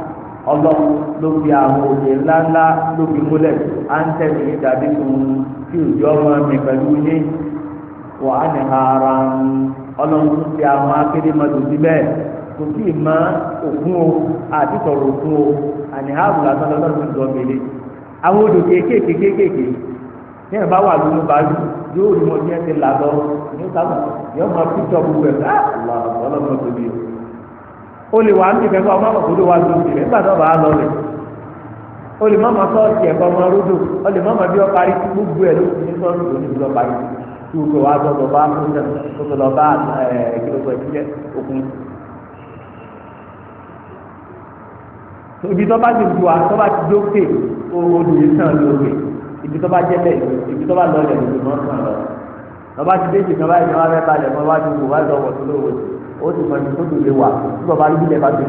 ọlọ́run ló fi àwọn òye ńláńlá ló fi múlẹ̀ à ń tẹ̀lé ìdàbí fún kí òjò ọmọ mi pẹ̀lú yín wà á ní ara ń ọlọ́run tó fi àwọn akédèmọ́tò kò sí ìmọ̀ òkun o àti sọ̀rọ̀ òkun o lọ́dún àwọn odò kéékèèké kéékèèké ní ẹ̀ bá wà yóò bí ẹ ti là lọ ní sábà yóò máa fi tọ́ gbogbo ẹ̀ o lè wà ní ìfẹ́fọ́ ọmọ àkókò tó wà lóṣù rẹ̀ nígbà tó bá a lọ rẹ̀ o lè mọ̀mọ́ sọ́ọ̀tì ẹ̀kọ́ ọmọ rúdò o lè mọ̀mọ́ bí ọparí gbogbo ẹ̀ lóṣù ní sọ́ọ̀tì tó ní bí ọparí tí o kò wá gbọ́dọ̀ bá kóńtà tó kò lọ bá ìkìlọ̀kọ̀ ìdílé òkun. ibi tó bá ti du wa tó bá ti dókè olùyè sàn lóore ibi tó bá jẹ́ bẹ́ẹ̀ ibi tó bá lọ lẹ̀ lóore mọ́ ó si mọ ibi tó dùn lé wa tí bàbá arúgbó lẹ bá dé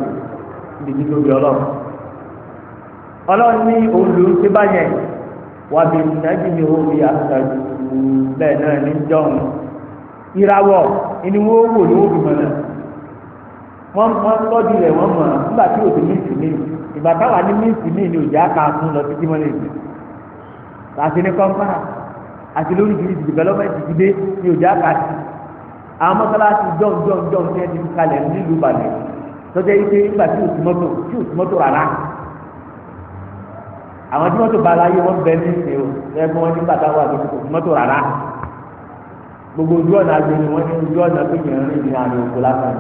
ibi tí lórí ọlọ́run ọlọ́run ní ti bá yẹn wà bí ni ó rí àtàjù bẹ́ẹ̀ náà ní ìràwọ̀ ni wọ́n wò ní òbí wọ́n wọ́n tọ́jú rẹ̀ wọ́n mọ̀ nígbà tí ní ìsìn ìgbà táwa ní ni òjì àká fún lọ sí jímọ́ àti àwọn mọ́sálásí jọ̀n jọ̀n jọ̀n ní ẹni kalẹ̀ nílùú balẹ̀ tọ́jà yìí pé nígbà tí òsì mọ́tò tí òsì mọ́tò rárá àwọn tí mọ́tò bala yìí wọ́n bẹ ní ìsìn o ẹgbẹ́ wọn nígbà táwọn àti òsì mọ́tò rárá gbogbo ojú ọ̀nà agbe ni wọ́n ní ojú ọ̀nà pé yẹn rìn ní àárín òkú lásán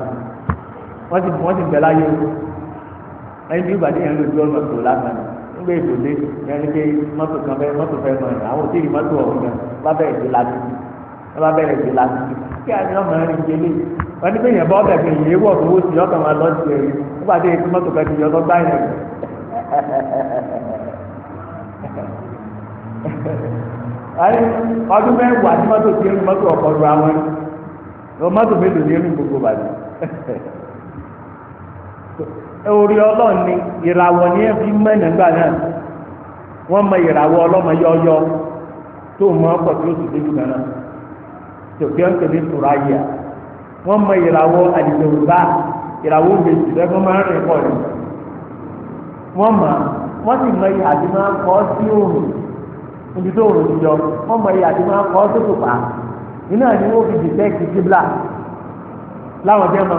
wọ́n ti wọ́n ti bẹ̀lá yẹ o ẹni tí ìgbàdí yẹn lójú ọ̀nà òkú lásán nígbà èbò dé yẹn ní pé mọ́tò kan fẹ́ mọ́tò fẹ́ mọ́ ẹ̀ àwọn òtí ìmọ́tò ọ̀hún yẹn bá bẹ̀rẹ̀ sí kí na ọmọ rẹ̀ ń yẹlé wọn ní bẹ́ẹ̀ yẹn bọ́ bẹ̀ bẹ́ẹ̀ yẹn wọ̀ fún oṣù wọn lọ sí ẹ̀rí wọ́n bá dé ètò mọ́tò kan ti yọ lọ́gbà yẹn. ọdún mẹ́wàá tí mọ́tò ti ń mọ́tò ọ̀pọ̀ lu àwọn mọ́tò mélòó ni gbogbo bàjẹ́ orí ọlọ́run ni ìràwọ̀ ni ẹ fi mẹ́nà gbà náà wọ́n mọ ìràwọ̀ ọlọ́mọ tó mọ́ ọkọ̀ tó sì náà. tòkè ọ̀sẹ̀ ní sùráyà wọ́n mọ ìràwọ̀ àdìgbòrúbá ìràwọ̀ òjèjì lẹ́gbọ́n máa ń rìn pọ̀ ní. wọ́n mọ̀ wọ́n sì mọ ìyá máa ń ndị sí òòrùn níbi tó òòrùn ti yọ mọ ìyá máa ń kọ́ sí tòpá iná ni fi láwọn máa ń ba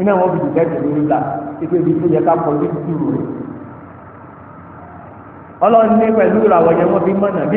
iná fi ìpè tó yẹ ká ìdúró pẹ̀lú ìràwọ̀ yẹn wọ́n fi mọ̀nà bí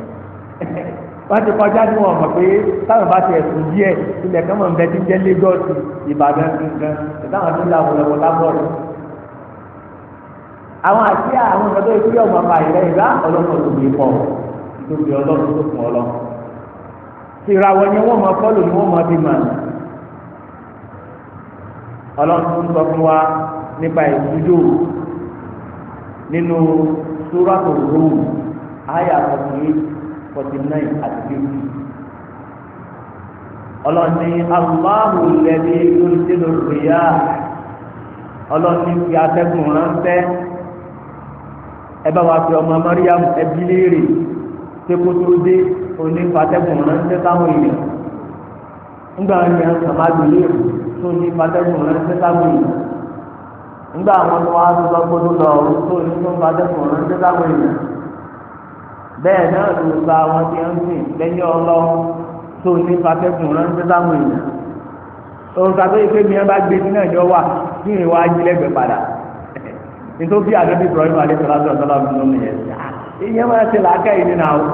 wọ́n ti kọjá ní wọn mọ̀ pé táwọn bá ti ẹ̀sùn díẹ̀ ilẹ̀ kan mọ̀ nbẹ́ ti jẹ́ Lagos Ìbàdàn nǹkan ìtàwọn tó ń la wọlọ̀wọ̀ lábọ̀rọ̀ àwọn àti àwọn ọ̀dọ́ tó ìpínlẹ̀ ọmọ àpá ìlẹ̀ ìgbà ọlọ́mọ tó bí pọ̀ tó bí ọlọ́run tó pọ̀ lọ. ìràwọ̀ ni wọ́n mọ fọ́lù ni wọ́n mọ bí mà ọlọ́run tó ń sọ fún wa nípa ìdúdó nínú súrọ́tò rúù áyà ọ̀sìn forty nine àti fifty ọlọ́ni aláwọ̀ lẹ́ni lóṣèlú rìá ọlọ́ni fi atẹ́gùn ránṣẹ́ ẹ bá wa fi ọmọ Mariam ẹbí léèrè pé kó tó dé onífa atẹ́gùn ránṣẹ́ táwọn èèyàn ńgbà yẹn sàmájú léèrè tó onífa atẹ́gùn ránṣẹ́ táwọn èèyàn ńgbà àwọn tó wá tó lọ tó onífa atẹ́gùn ránṣẹ́ táwọn èèyàn bẹ́ẹ̀ náà ló gba àwọn tí wọ́n ń sìn lẹ́yìn ọlọ́run tó ní fatẹ́kùn ránṣẹ́ sáwọn èèyàn òun kàtó yìí pé mìíràn bá gbé sí náà jọ wà kí ìwà ajílẹ̀gbẹ̀ padà nítorí àdébí ibrahim alẹ́sọ̀rọ̀ àti ọ̀sọ́lá ọ̀dún ló ń yẹ ìyẹn máa ṣe làákà yìí nínú àwọn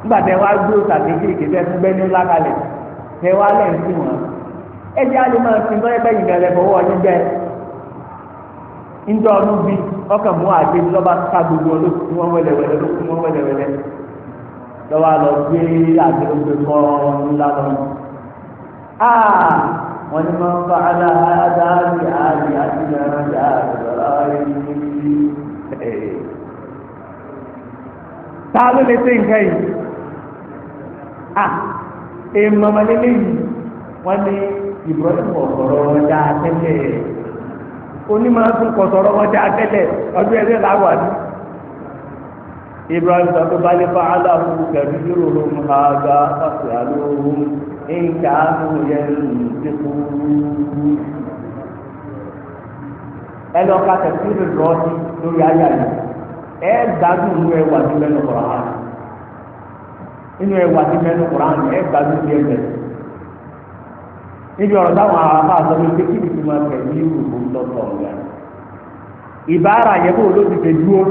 nígbà tẹ wá gbé òtàkì kéèké tẹ fún gbẹ́ni lákàlẹ̀ tẹ wá lẹ́yìn sí wọn ẹ jẹ́ àlè máa fi ńjọ ọdún bíi ọkàn mú àgbèjì lọ́ba ká gbogbo ọdún tí wọ́n wẹ́lẹ̀wẹ́lẹ́ ló fún wọn wẹ́lẹ̀wẹ́lẹ́ lọ́wọ́ lọ gbé àgbèrògbè kọ́ ńlá lọ. a wọ́n ní máa ń fa ara adáàbí àbí àbílẹ̀ ọ̀rẹ́ àbẹ̀rẹ̀ ọ̀rẹ́ yìí. ta ló lè ṣe nǹkan yìí? a èèmọ̀ mọ̀lẹ́lẹ́ yìí wọ́n ní ìbúrọ́sùn ọ̀gọ̀rọ̀ ọjà tẹ́lẹ̀ onímọ̀ tún kọ̀ sọ̀rọ̀ wọn ti àtẹ́lẹ̀ ọdún ẹgbẹ́ làwọn àdú. ibrahim sọ balẹ̀ fún aláwo kẹ̀lú yúrò ló ń ha gba pàṣẹ yẹn ń ẹ lọ ka tẹ̀sí rẹ̀ lórí ayé ẹ inú ẹ wà mẹ́nu kọ̀ọ̀hán inú ẹ wà níbi ọ̀rọ̀ táwọn àbá sọ pé kí ni máa pẹ̀lú irú ìbòmítọ́tọ̀ ọ̀gá ìbára àyẹ̀wò olóòtú ti dúró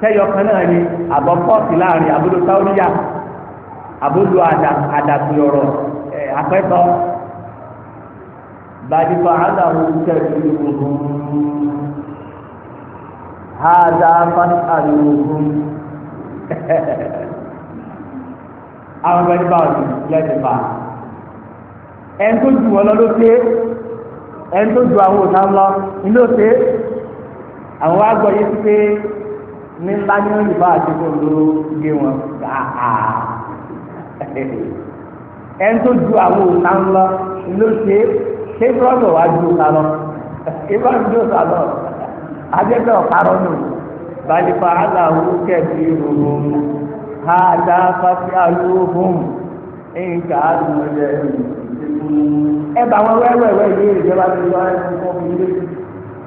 tẹ́yọ kan náà ni àbọ̀ pọ́ọ̀tì láàrin àbúrò sáwọ́níyà àbúrò àdàpè ọ̀rọ̀ àpẹ́tọ́ bàdìfà àdàwọ̀ tẹ̀lé ìwòhùn hàdà fásitì ìwòhùn àwọn ọmọ ẹni ti lẹ́nu ẹni tó ju wọn lọ ló ṣe ẹni tó ju àwọn òòtá lọ ni ló ṣe àwọn wa gbọ́ yé pé ní ńlá ní wọn yìí bá àdúgbò ló gé wọn gbàá ẹni tó ju àwọn òòtá lọ ló ṣe ṣé bọ́ọ̀lù wa ju òòtá lọ ìbáraẹni ju òòtá lọ adébẹ̀ ọ̀parọ́ nù balùwà aláwo kẹ̀kẹ́ ìròyìn ha dáa fàfíà lóhùn nǹkan àdúgbò yẹn ẹ bá wọn wẹ́wẹ́wẹ́ yé ìjọba ti lọ ẹ fún fún mi lé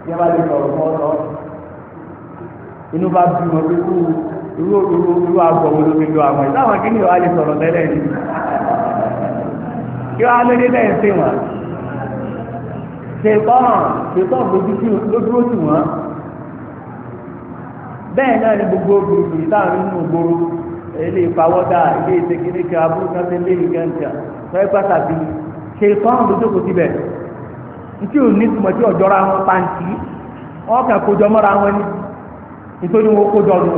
ìjọba ti sọ̀rọ̀ fún ọ̀tọ̀ inú bá bí wọn pé kú irú irú àgbọ̀ wọn ló fi àwọn ìlú àwọn kìnìún kí tì bẹ́ẹ̀ náà ni gbogbo nínú gbòòrò ilé ìpawọ́dà ilé pàtàkì ṣètọ́nù tó jókòó síbẹ̀ ntí ò ní tùmọ̀ tí ọ̀jọ́ra wọn pàǹtí wọn kójọ mọ́ra wọn ni nítorí wọn kójọ lù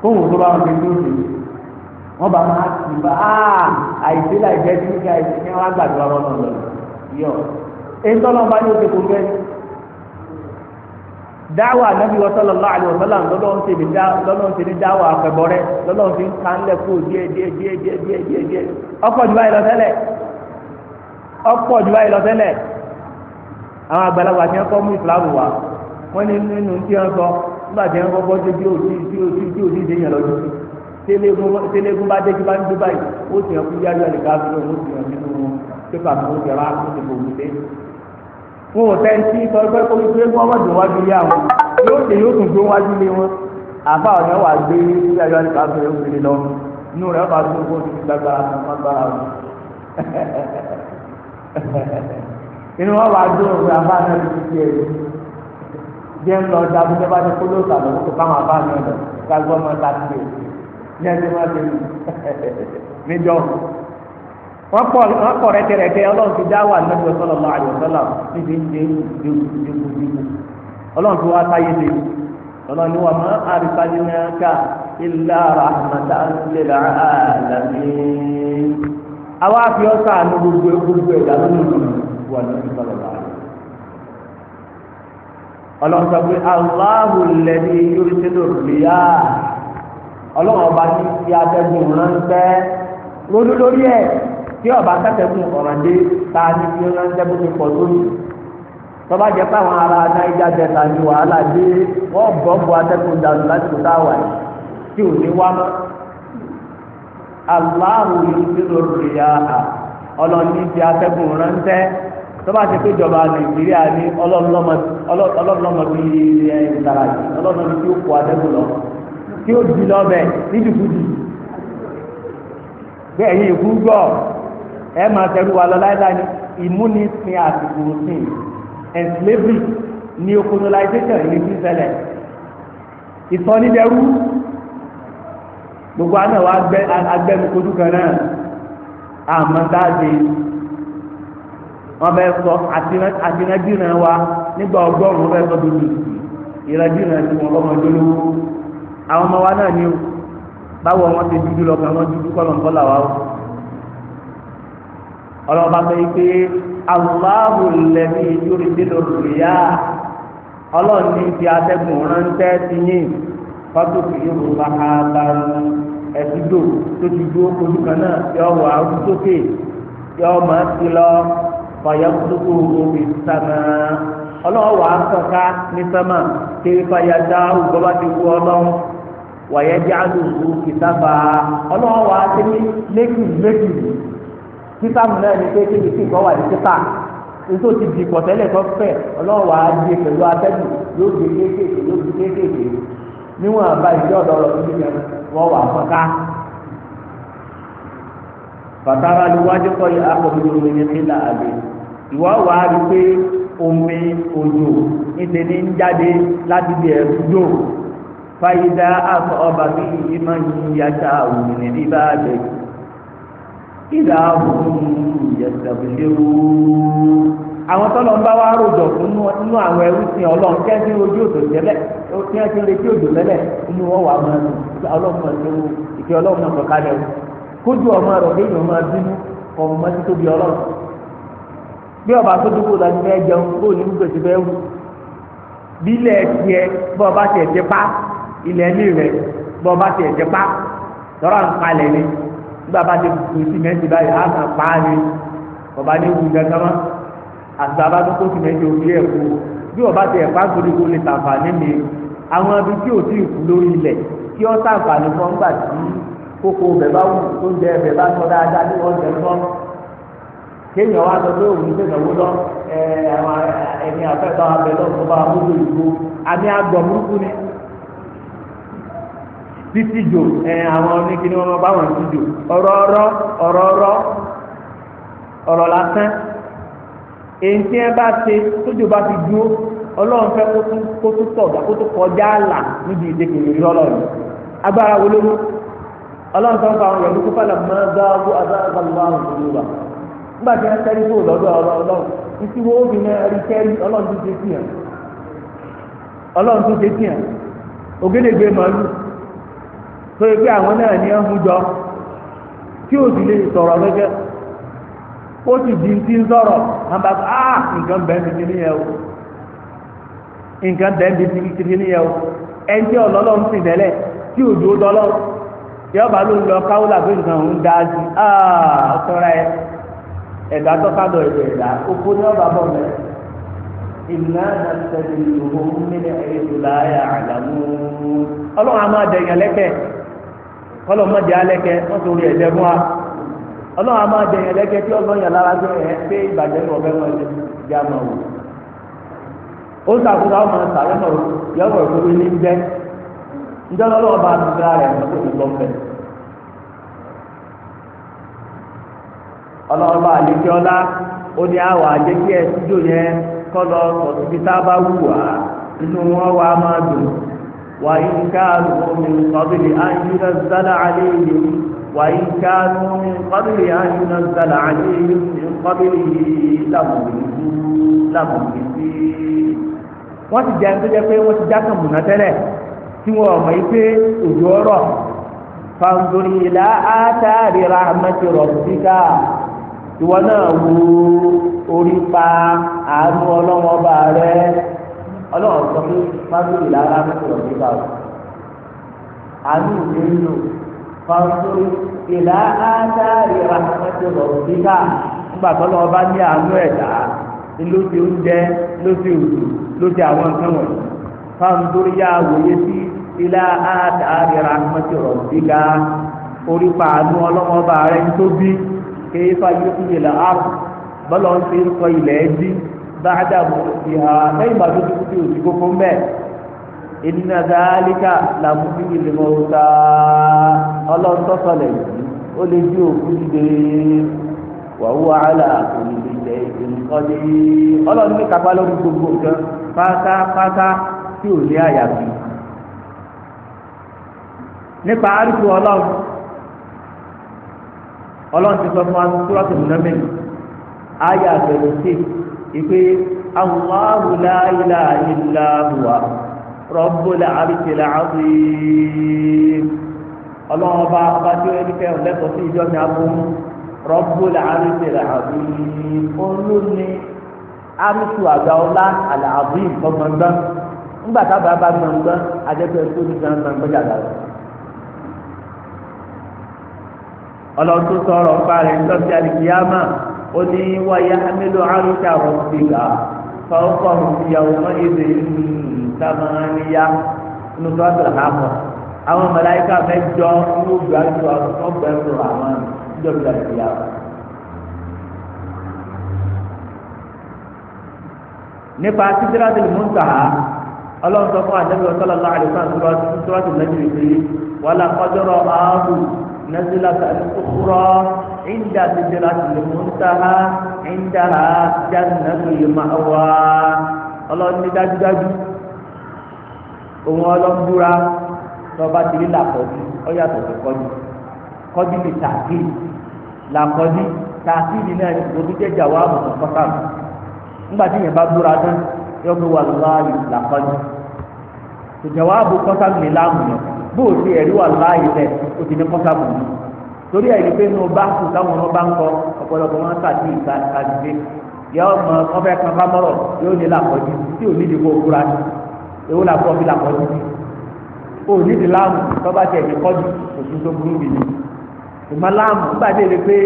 kó wọn tó bá wọn wọn bá máa tì bá àìsí ní àìsí ní wọn gbàdúrà wọn lọ yọ bá ní oṣù kò dáwà dáwà ń díẹ̀ díẹ̀ díẹ̀ díẹ̀ díẹ̀ ọkọ̀ ọ̀pọ̀ jù báyìí lọ tẹ́lẹ̀ àwọn àgbàlagbà tí wọ́n kọ́ mú ìfúláwù wa wọ́n ní nínú tí wọ́n sọ nígbà tí wọ́n kọ́ bọ́ sí bí òtí tí òtí tí òtí dé yàn lọ́dún tẹ́lẹ̀gún bá dé kí bá ń dé báyìí ó sì yàn fún yáyọ ẹ̀ ká fi lóun ó sì yàn nínú pépà tó ń jẹrà ó sì bò wípé. wọn ò tẹ́ntì tọ́jú kó wípé wọ́n wọ́n dùn wájú ilé àwọn yóò dé yóò tún dún wájú ilé wọn àbá ọ̀nà wà gbé yáyọ ẹ̀ ká fi lóun lọ inú rẹ̀ bá tún kó ti gbàgbára tó má gbára wọn. inú wa wàá dún òwe abá náà ti fi lọ da abúlé bá ti kó ló kó káwọn abá náà lọ kágbọ́n máa ta sí i ní ẹni máa ti lù níjọ́ wọ́n pọ̀ wọ́n pọ̀ rẹ́kẹrẹ́kẹ́ ọlọ́run ti dá wà nínú ọ̀sọ́lọ̀ lọ níbi ti wá ni náà àwa fi ọ́ sáànù gbogbo gbogbo ẹ̀dá lónìí lónìí wà lónìí sọ̀rọ̀ báyìí. pé lẹ́ni ọba ti ti atẹ́gùn ránṣẹ́ ronú lórí ẹ̀ tí ọba atẹ́gùn ọ̀ràndé ta ni fi ránṣẹ́ bó ti pọ̀ lórí tọ́ba jẹ́ káwọn ará jẹta ní wàhálà dé wọ́n bọ́ bu atẹ́gùn dànù láti kó aláwo ìṣirò rìà ọlọ́ọ̀ni ti atẹ́gùn ránṣẹ́ tó bá ti pé ìjọba nàìjíríà ní ọlọ́ọ̀lọ́mọ bí ẹ ìsàlàyé ọlọ́ọ̀lọ́mọ tí ó kó atẹ́gùn lọ tí ó di lọ́bẹ̀ nídìkúdì bẹ́ẹ̀ ẹ̀yin ìkú gbọ́ ẹ máa tẹ̀rù wa lọ láìláì ìmúnisìn àsìkò sìn enslavement neocolonization ní sísẹlẹ̀ ìsọnídẹ̀rú. gbogbo àná wa gbẹ kojú kan náà àmọ́ dáadé wọn bẹ sọ àtìnájìnà wa nígbà ọgọ́rùn-ún bẹ sọ dúdú ìrẹjìnà tí wọn lọmọ àwọn ọmọ wa náà ni o báwo wọn ti dúdú lọ kàn wọn dúdú o ọlọ́ba pé aláwo lẹ́ni ya ọlọ́ọ̀ni ti atẹ́gùn rántẹ́ ti fatu kìlìmù bàtà bàrù ẹ̀dúgbò tó ti dúró kojú kan náà yọ wà áwùjọ sókè yọ máa ti lọ fàyà kúlókò omi sàmà ọlọ́wọ́ wà á sọ̀ká ní sàmà kiri fàyà dá ògbọ́bá ti wú ọlọ́run wàyẹ jẹ́ àlùkù kìtàbà ọlọ́wọ́ wà á ti ní méjì méjì kìtàmù náà ní pé kébi tí wà ní kíkà nítorí ti di ìpọ̀tẹ́lẹ̀ tó fẹ̀ ọlọ́wọ́ wà á di pẹ̀lú atẹ́gùn yóò di kéékèèké yóò di kéékèèké. níwọ̀n àbá ìṣe ọ̀dọ́ ọ̀rọ̀ níbi kan wọ́n wà fọ́ká. bàtàrà ni wájú kọ́ yìí akọ̀bí omi ní nílà àbí ìwọ́ wà á rí pé omi òjò níṣe ní ń jáde láti bí ẹ̀rú jò ọba bí ìyí máa ń yí ata òmì ní bíbá àbẹ̀ ìdá àbùkù àwọn tọ́lọ̀ ń bá wa rojọ̀ fún inú àwọn ẹrú sin ọlọ́run kí ẹ ti rojú òdò tẹ́lẹ̀ kí ẹ ti retí òdò tẹ́lẹ̀ inú wọn wà máa dùn kí ọlọ́run máa tó ìfẹ́ ọlọ́run náà kọ̀ọ̀ká lẹ̀ wò kójú ọmọ rẹ̀ kéèyàn máa bínú ọmọ mọ́tí tóbi ọlọ́run bí ọba tó dúró láti fẹ́ jẹun kó ní gbèsè fẹ́ wù bílẹ̀ tiẹ̀ bọ́ ọba tiẹ̀ ti pa ilẹ̀ ní rẹ̀ bọ́ ọba tiẹ̀ ti pa lọ́rọ̀ ń palẹ̀ ni nígbà bá ti kù sí báyìí á kàn pa á ni ọba ní wù gẹ́gẹ́ àtàbà tó kó tìmẹ̀ jẹ òbí ẹ̀kú bí ọba tẹ ẹ̀pá gbòdì lè tàǹfààní mi àwọn ibi tí ò tí ì kú lórí ilẹ̀ kí ọ́ tàǹfààní fún ọgbà tí kókó bẹ̀ bá wù tó ń jẹ bá tọ́ dáadáa ní wọ́n jẹ tán kéèyàn wá sọ pé òun ṣe ìnáwó lọ ẹni àfẹ́tọ́ abẹ bá àmì àgbọ̀ èyí ẹ bá ṣe tójú bá fi dúró ọlọ́run fẹ́ kó tó tọ̀gá kó tó kọjá àlà níbi ìdẹ́kẹ̀lẹ́ ìlú ọlọ́run agbára wo ló ọlọ́run tó ń fa àwọn kó fàlà mọ́ gáàbó agbára nígbà tí wọ́n fún ọlọ́run títí wo ó fi mẹ́ ó ti di ti ń sọ̀rọ̀ sọ ah, nǹkan bẹ́ẹ̀ ti kiri o nǹkan bẹ́ẹ̀ ti kiri o ẹni ń tẹ́lẹ̀ tí dọ́lọ́ yọ bá ló ń lọ káwọ́ làbí nǹkan ń da sí ah ẹ ẹ̀dá tọ́kadọ̀ ẹ̀dọ̀ ẹ̀dá oko ọba bọ̀ ìlú mílẹ̀ láyà àdàmú ọlọ́run máa ọlọ́run a máa dẹ̀yìn lẹ́gẹ́ tí ọlọ́run yàn lára gbé ẹ̀ pé ìbàjẹ́ ní wọn ṣe máa wò ó sàkóso àwọn sàrẹ́ náà ní bẹ́ ọlọ́run bá ti rẹ̀ tó lọ́ ọlọ́run bá ọlá ó ní síjò yẹn kọ́ lọ wù wá inú wọn wá máa dùn وإن كانوا من قبل أن ينزل عليهم من قبله لمبلسين wọ́n ti jẹ́ ẹni tó jẹ́ pé wọ́n ti já kan múná tẹ́lẹ̀ tí wọ́n mọ̀ yìí pé òjò ọ̀rọ̀ fanzuri ilà átàrí rahmatu rabbika ìwọ náà wo orí pa àánú ọlọ́wọ́n bá rẹ ọlọ́wọ́n sọ pé fanzuri ilà rahmatu rabbika àánú ìdílé fanṣu ìlà átàrí rahmatu rọ̀bíkà ńgbà tó lọ́wọ́ bá ní àánú ẹ̀dá ló ti oúnjẹ ló ti òdù ló ti àwọn nǹkan wọ̀nyí fanṣu yá wòye sí ìlà átàrí rahmatu rọ̀bíkà orí ọlọ́mọba rẹ̀ ń tóbi fàyè bọ́lọ̀ ń fi ń sọ ilẹ̀ ẹ́ dí bá a dàbò ìhà lẹ́yìn tó ti inna dhalika làmúbíyì lè mọ òòtà ọlọ́run tọ́sọ̀lẹ̀ yìí ó lè dí òkú dìde wa huwa ala kulli shay'in qadir ọlọ́run ní kápá lórí gbogbo nǹkan pátápátá tí ò lé àyàfi nípa àríkù ọlọ́run ọlọ́run ti sọ fún wa sọ́ọ́tù mùnàmẹ́lì ayé àbẹ̀rẹ̀ sí i pé Allahu la ilaha illa huwa. Rabbul Arshil Azim ọlọ́run ọba ọba tí ó yẹ kẹ́ ọ̀ lẹ́kọ̀ọ́ sí ìjọ mi abúlé Rabbul Arshil Azim olóni arúgbó àgbà ọlá àlàbí gbọ̀ngbọ̀n ńgbà tábà bá gbọ̀ngbọ̀n adẹ́gbẹ́ tó ní gbọ̀ngbọ̀n jàdá lọ. ọlọ́tún sọ̀rọ̀ àdìgíyàmà ó ní mọ́ ìdè samaniya inú tó wàá tó làá mọ̀ àwọn màláíkà mẹ́jọ inú ojú àjọ ọgbà ẹ̀rọ àwọn ìjọ bí wàá ti yà wọ́n. nípa títírátì Muntaha ọlọ́run sọ fún àjẹbí ọ̀sọ́lá náà àdìsá títírátì lẹ́yìn ìgbé wàlá kọjọ́rọ̀ ààbò nẹ́sílá tàbí kúkúrọ́ ìdá títírátì Muntaha ìdá jẹ́ nàgbé yìí máa wá ọlọ́run ní dájúdájú. òun ọlọ́dúnra lọ́ba ti rí làkọ́jú ọ̀yàtọ̀ tó kọ́jú kọ́jú ní tààkì làkọ́jú tààkì ní náà òbí jẹ́jà wà kọ́tà tí yẹn bá tán wà láàyè mi yẹn bó o ti ẹ̀rí wà láàyè rẹ̀ o ti ní kọ́tà bù mí torí ẹ̀rí pé ní o bá kù ọba ń kọ ọ̀pọ̀lọpọ̀ wọn ìgbà ọmọ yóò ní làkọ́jú tí èwo la kọ́ bí la kọ́ jù o nídìí láàmù tọ́ba tẹ̀ ẹ̀jẹ̀ kọ́ jù òfin tó burú bì ní ìmọ̀ láàmù nígbà tí èdè pé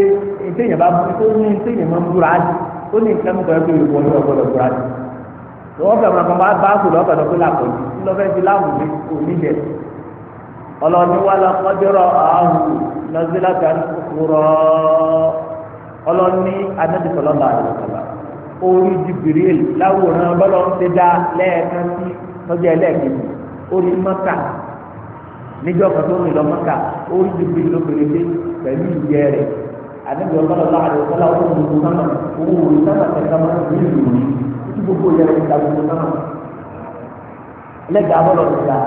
ètè yẹn bá mú tó ní ètè yẹn máa ń búra á ó ní nǹkan mú tọ́jú ìwọ ní ọgbọ́dọ̀ búra á wọ́n fẹ́ máa kàn bá bá kù lọ́kàn lọ́kàn làkọ̀ jù lọ́fẹ́ ti láàmù ní onídẹ̀ ọlọ́ni wà lọ́kọ́jọ́rọ̀ ààrùn lọ́jọ́ ẹlẹ́ẹ̀kejì orí mọ́kà níjọ́ kan tó rìn lọ mọ́kà orí dùgbì lóbìnrin dé pẹ̀lú ìyẹ́ rẹ̀ àdébí ọlọ́run láàrin ọ̀sán láwọn ohun gbogbo náà owó òòrùn sábà tẹ̀ka máa ń rí ìlú ní tí gbogbo ìyẹ́ rẹ̀ ti ta gbogbo náà lẹ́gàá bọ́lọ̀ ti ta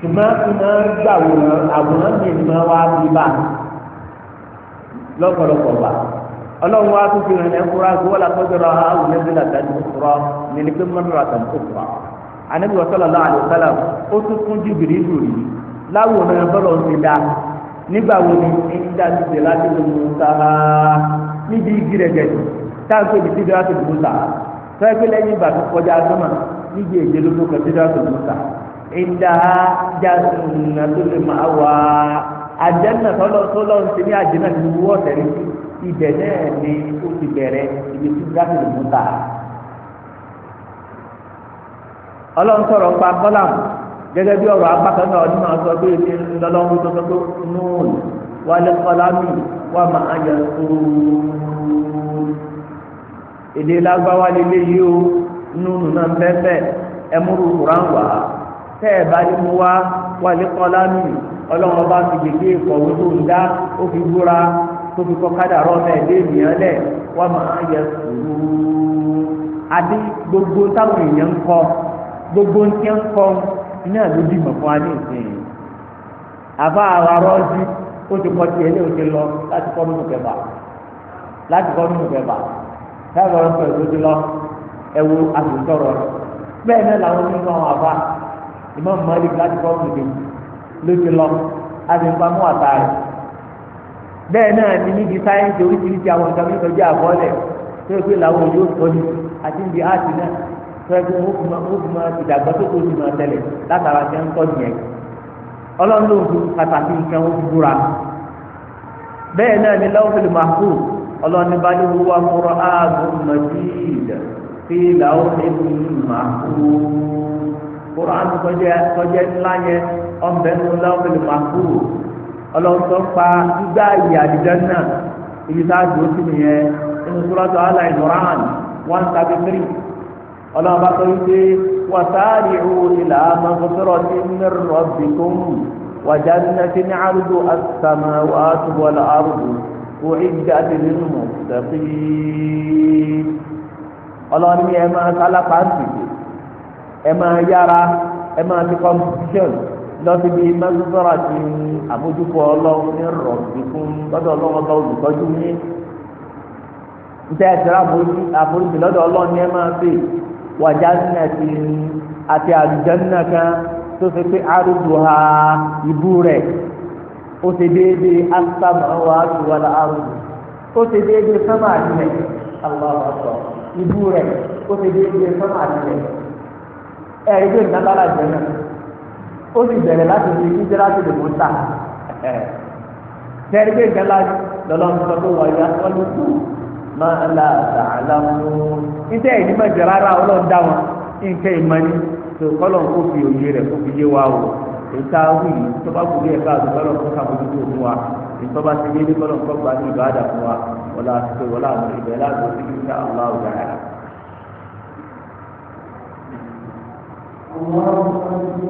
ṣùgbọ́n iná gbà wòran àwòrán mi ni wọ́n wá bí bá lọ́pọ̀lọpọ̀ bá ọlọ́run wá tó fi hàn ẹ́ fúra gbọ́ làkọ́jọ́ra àwùjọ́ bí làtàdé fúra ní pé mọ́tò àtàdé fúra anabi sallallahu alaihi wasallam ó tún fún jìbìrìlù rí láwòrán bọ́lọ̀ ń ti da nígbà wo ni ìdá ti tẹ̀ láti lè mú sáà níbi igi rẹ̀ gẹ̀dù táàgbé ibi tí ìdá ti mú sáà fẹ́ẹ́ pé lẹ́yìn ìgbà tó kọjá sọ́mà níbi èdè ló tó kọ sí ìdá tó mú sáà ìdá tó lè máa wà àjẹ́nà tọ́lọ́ tọ́lọ́ ń ti ní àjẹ́nà ti wú ọ̀tẹ̀ rí ibẹ̀ náà ni ó ti bẹ̀rẹ̀ ibi tí ìdá ti mú ọlọ sọ̀rọ̀ pa bọ́lá gẹ́gẹ́ bí ọ̀rọ̀ apákan náà nínú aṣọ bí èmi lọ́lọ́run tó tó tó nùún wálé kọ́lámì wà má ayẹ èdè lágbáwá lélẹ́ yìí o nùún náà bẹ́ẹ̀ ẹmúrú kuran wà tẹ́ ẹ bá nínú wá wálé gbogbo táwọn èèyàn gbogbo ń tẹ́ ń kọ́ iná ló di mọ̀ fún wa ní ìsìn àbá àwa rọ́ọ̀dì ó ti kọ́ tiẹ̀ ní òde lọ láti kọ́ nínú kẹfà láti kọ́ nínú kẹfà ọ̀rọ̀ pẹ̀lú òde lọ ẹ̀wù àtúntọ̀rọ̀ bẹ́ẹ̀ náà làwọn onímọ̀ àwọn àbá ìmọ̀ mọ́lì láti kọ́ nínú lọ láti mú àtà rẹ̀ bẹ́ẹ̀ náà ni níbi oríṣiríṣi àwọn àbọ̀lẹ̀ tó pé làwọn sọ ní àti níbi áàtì fẹ́ẹ́ ó fi máa ó fi máa ìdàgbàsókè ó fi máa tẹ̀lé látara jẹ́ ń tọ́jú yẹn ọlọ́run ló ń fi pàtàkì nǹkan ó búra bẹ́ẹ̀ náà ni lọ́wọ́fẹ́lì máa kú ọlọ́run ní bá ní wúwa múra áàbò mọ̀jíìd fi làwọ́fẹ́lì máa kú kúránù kọjá ńlá yẹn ọ̀nbẹ́nu lọ́wọ́fẹ́lì máa kú ọlọ́run tó pa gbígbá ìyá àdìjẹ́ náà ibi tá a dùn ó sì nìyẹn nínú sọ́lọ́tọ̀ aláìlú rán one thirty three ọlọ́ọ̀bá tó ń ṣe wasaari'u ila maghfiratin min rabbikum wa jannatin 'arduha as-samawatu wal ardu u'iddat lil muttaqin ọlọ́ọ̀ni ẹ máa kálápá ń tìkì ẹ máa yára ẹ máa ti competition lọ́sí bíi mẹ́sọ́sọ́rọ̀ àti àbójúkọ ọlọ́run ní rọ̀bì fún lọ́dọ̀ ọlọ́run olùtọ́jú yín níta ẹ̀sẹ̀ àforíjì lọ́dọ̀ ọlọ́run ní ẹ máa fèè wàjánàtì àti àlùjánà kan tó fi pé arúgbó ha ìbú rẹ̀ ó ti déédéé asámà wà á ti wàlá arúgbó ó ti déédéé sámà àtìlẹ̀ aláwọ̀ sọ ìbú rẹ̀ ó ti déédéé sámà àtìlẹ̀ ẹ̀rí tó ìdábàlà jẹ náà ó sì bẹ̀rẹ̀ láti fi ìdíjẹ́ láti lè mú ta ẹ̀ẹ́dẹ́gbẹ̀gbẹ̀ lọ́lọ́mùsọ̀tò wọ̀nyí wọ́n máa ń la àtàlámù níta ẹni máa jẹ rárá ọlọ́run dá wọn nǹkan ìmọ̀ ni tó kọ́lọ̀ kó fi òye rẹ̀ kó fi yé wa o ìta wí tó bá kúrò ẹ̀ka àti kọ́lọ̀ kó sàmójútó fún wa ìtọ́ bá ti dé ní kọ́lọ̀ kó gba ní ìbáàdà fún wa wọlé àti pé wọlé àti ìbẹ̀rẹ̀ àti òsì ولا يعلم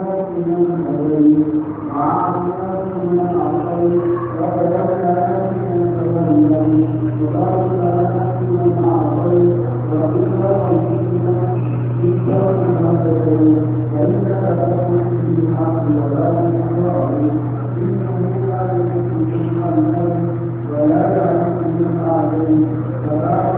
ما عليه ولا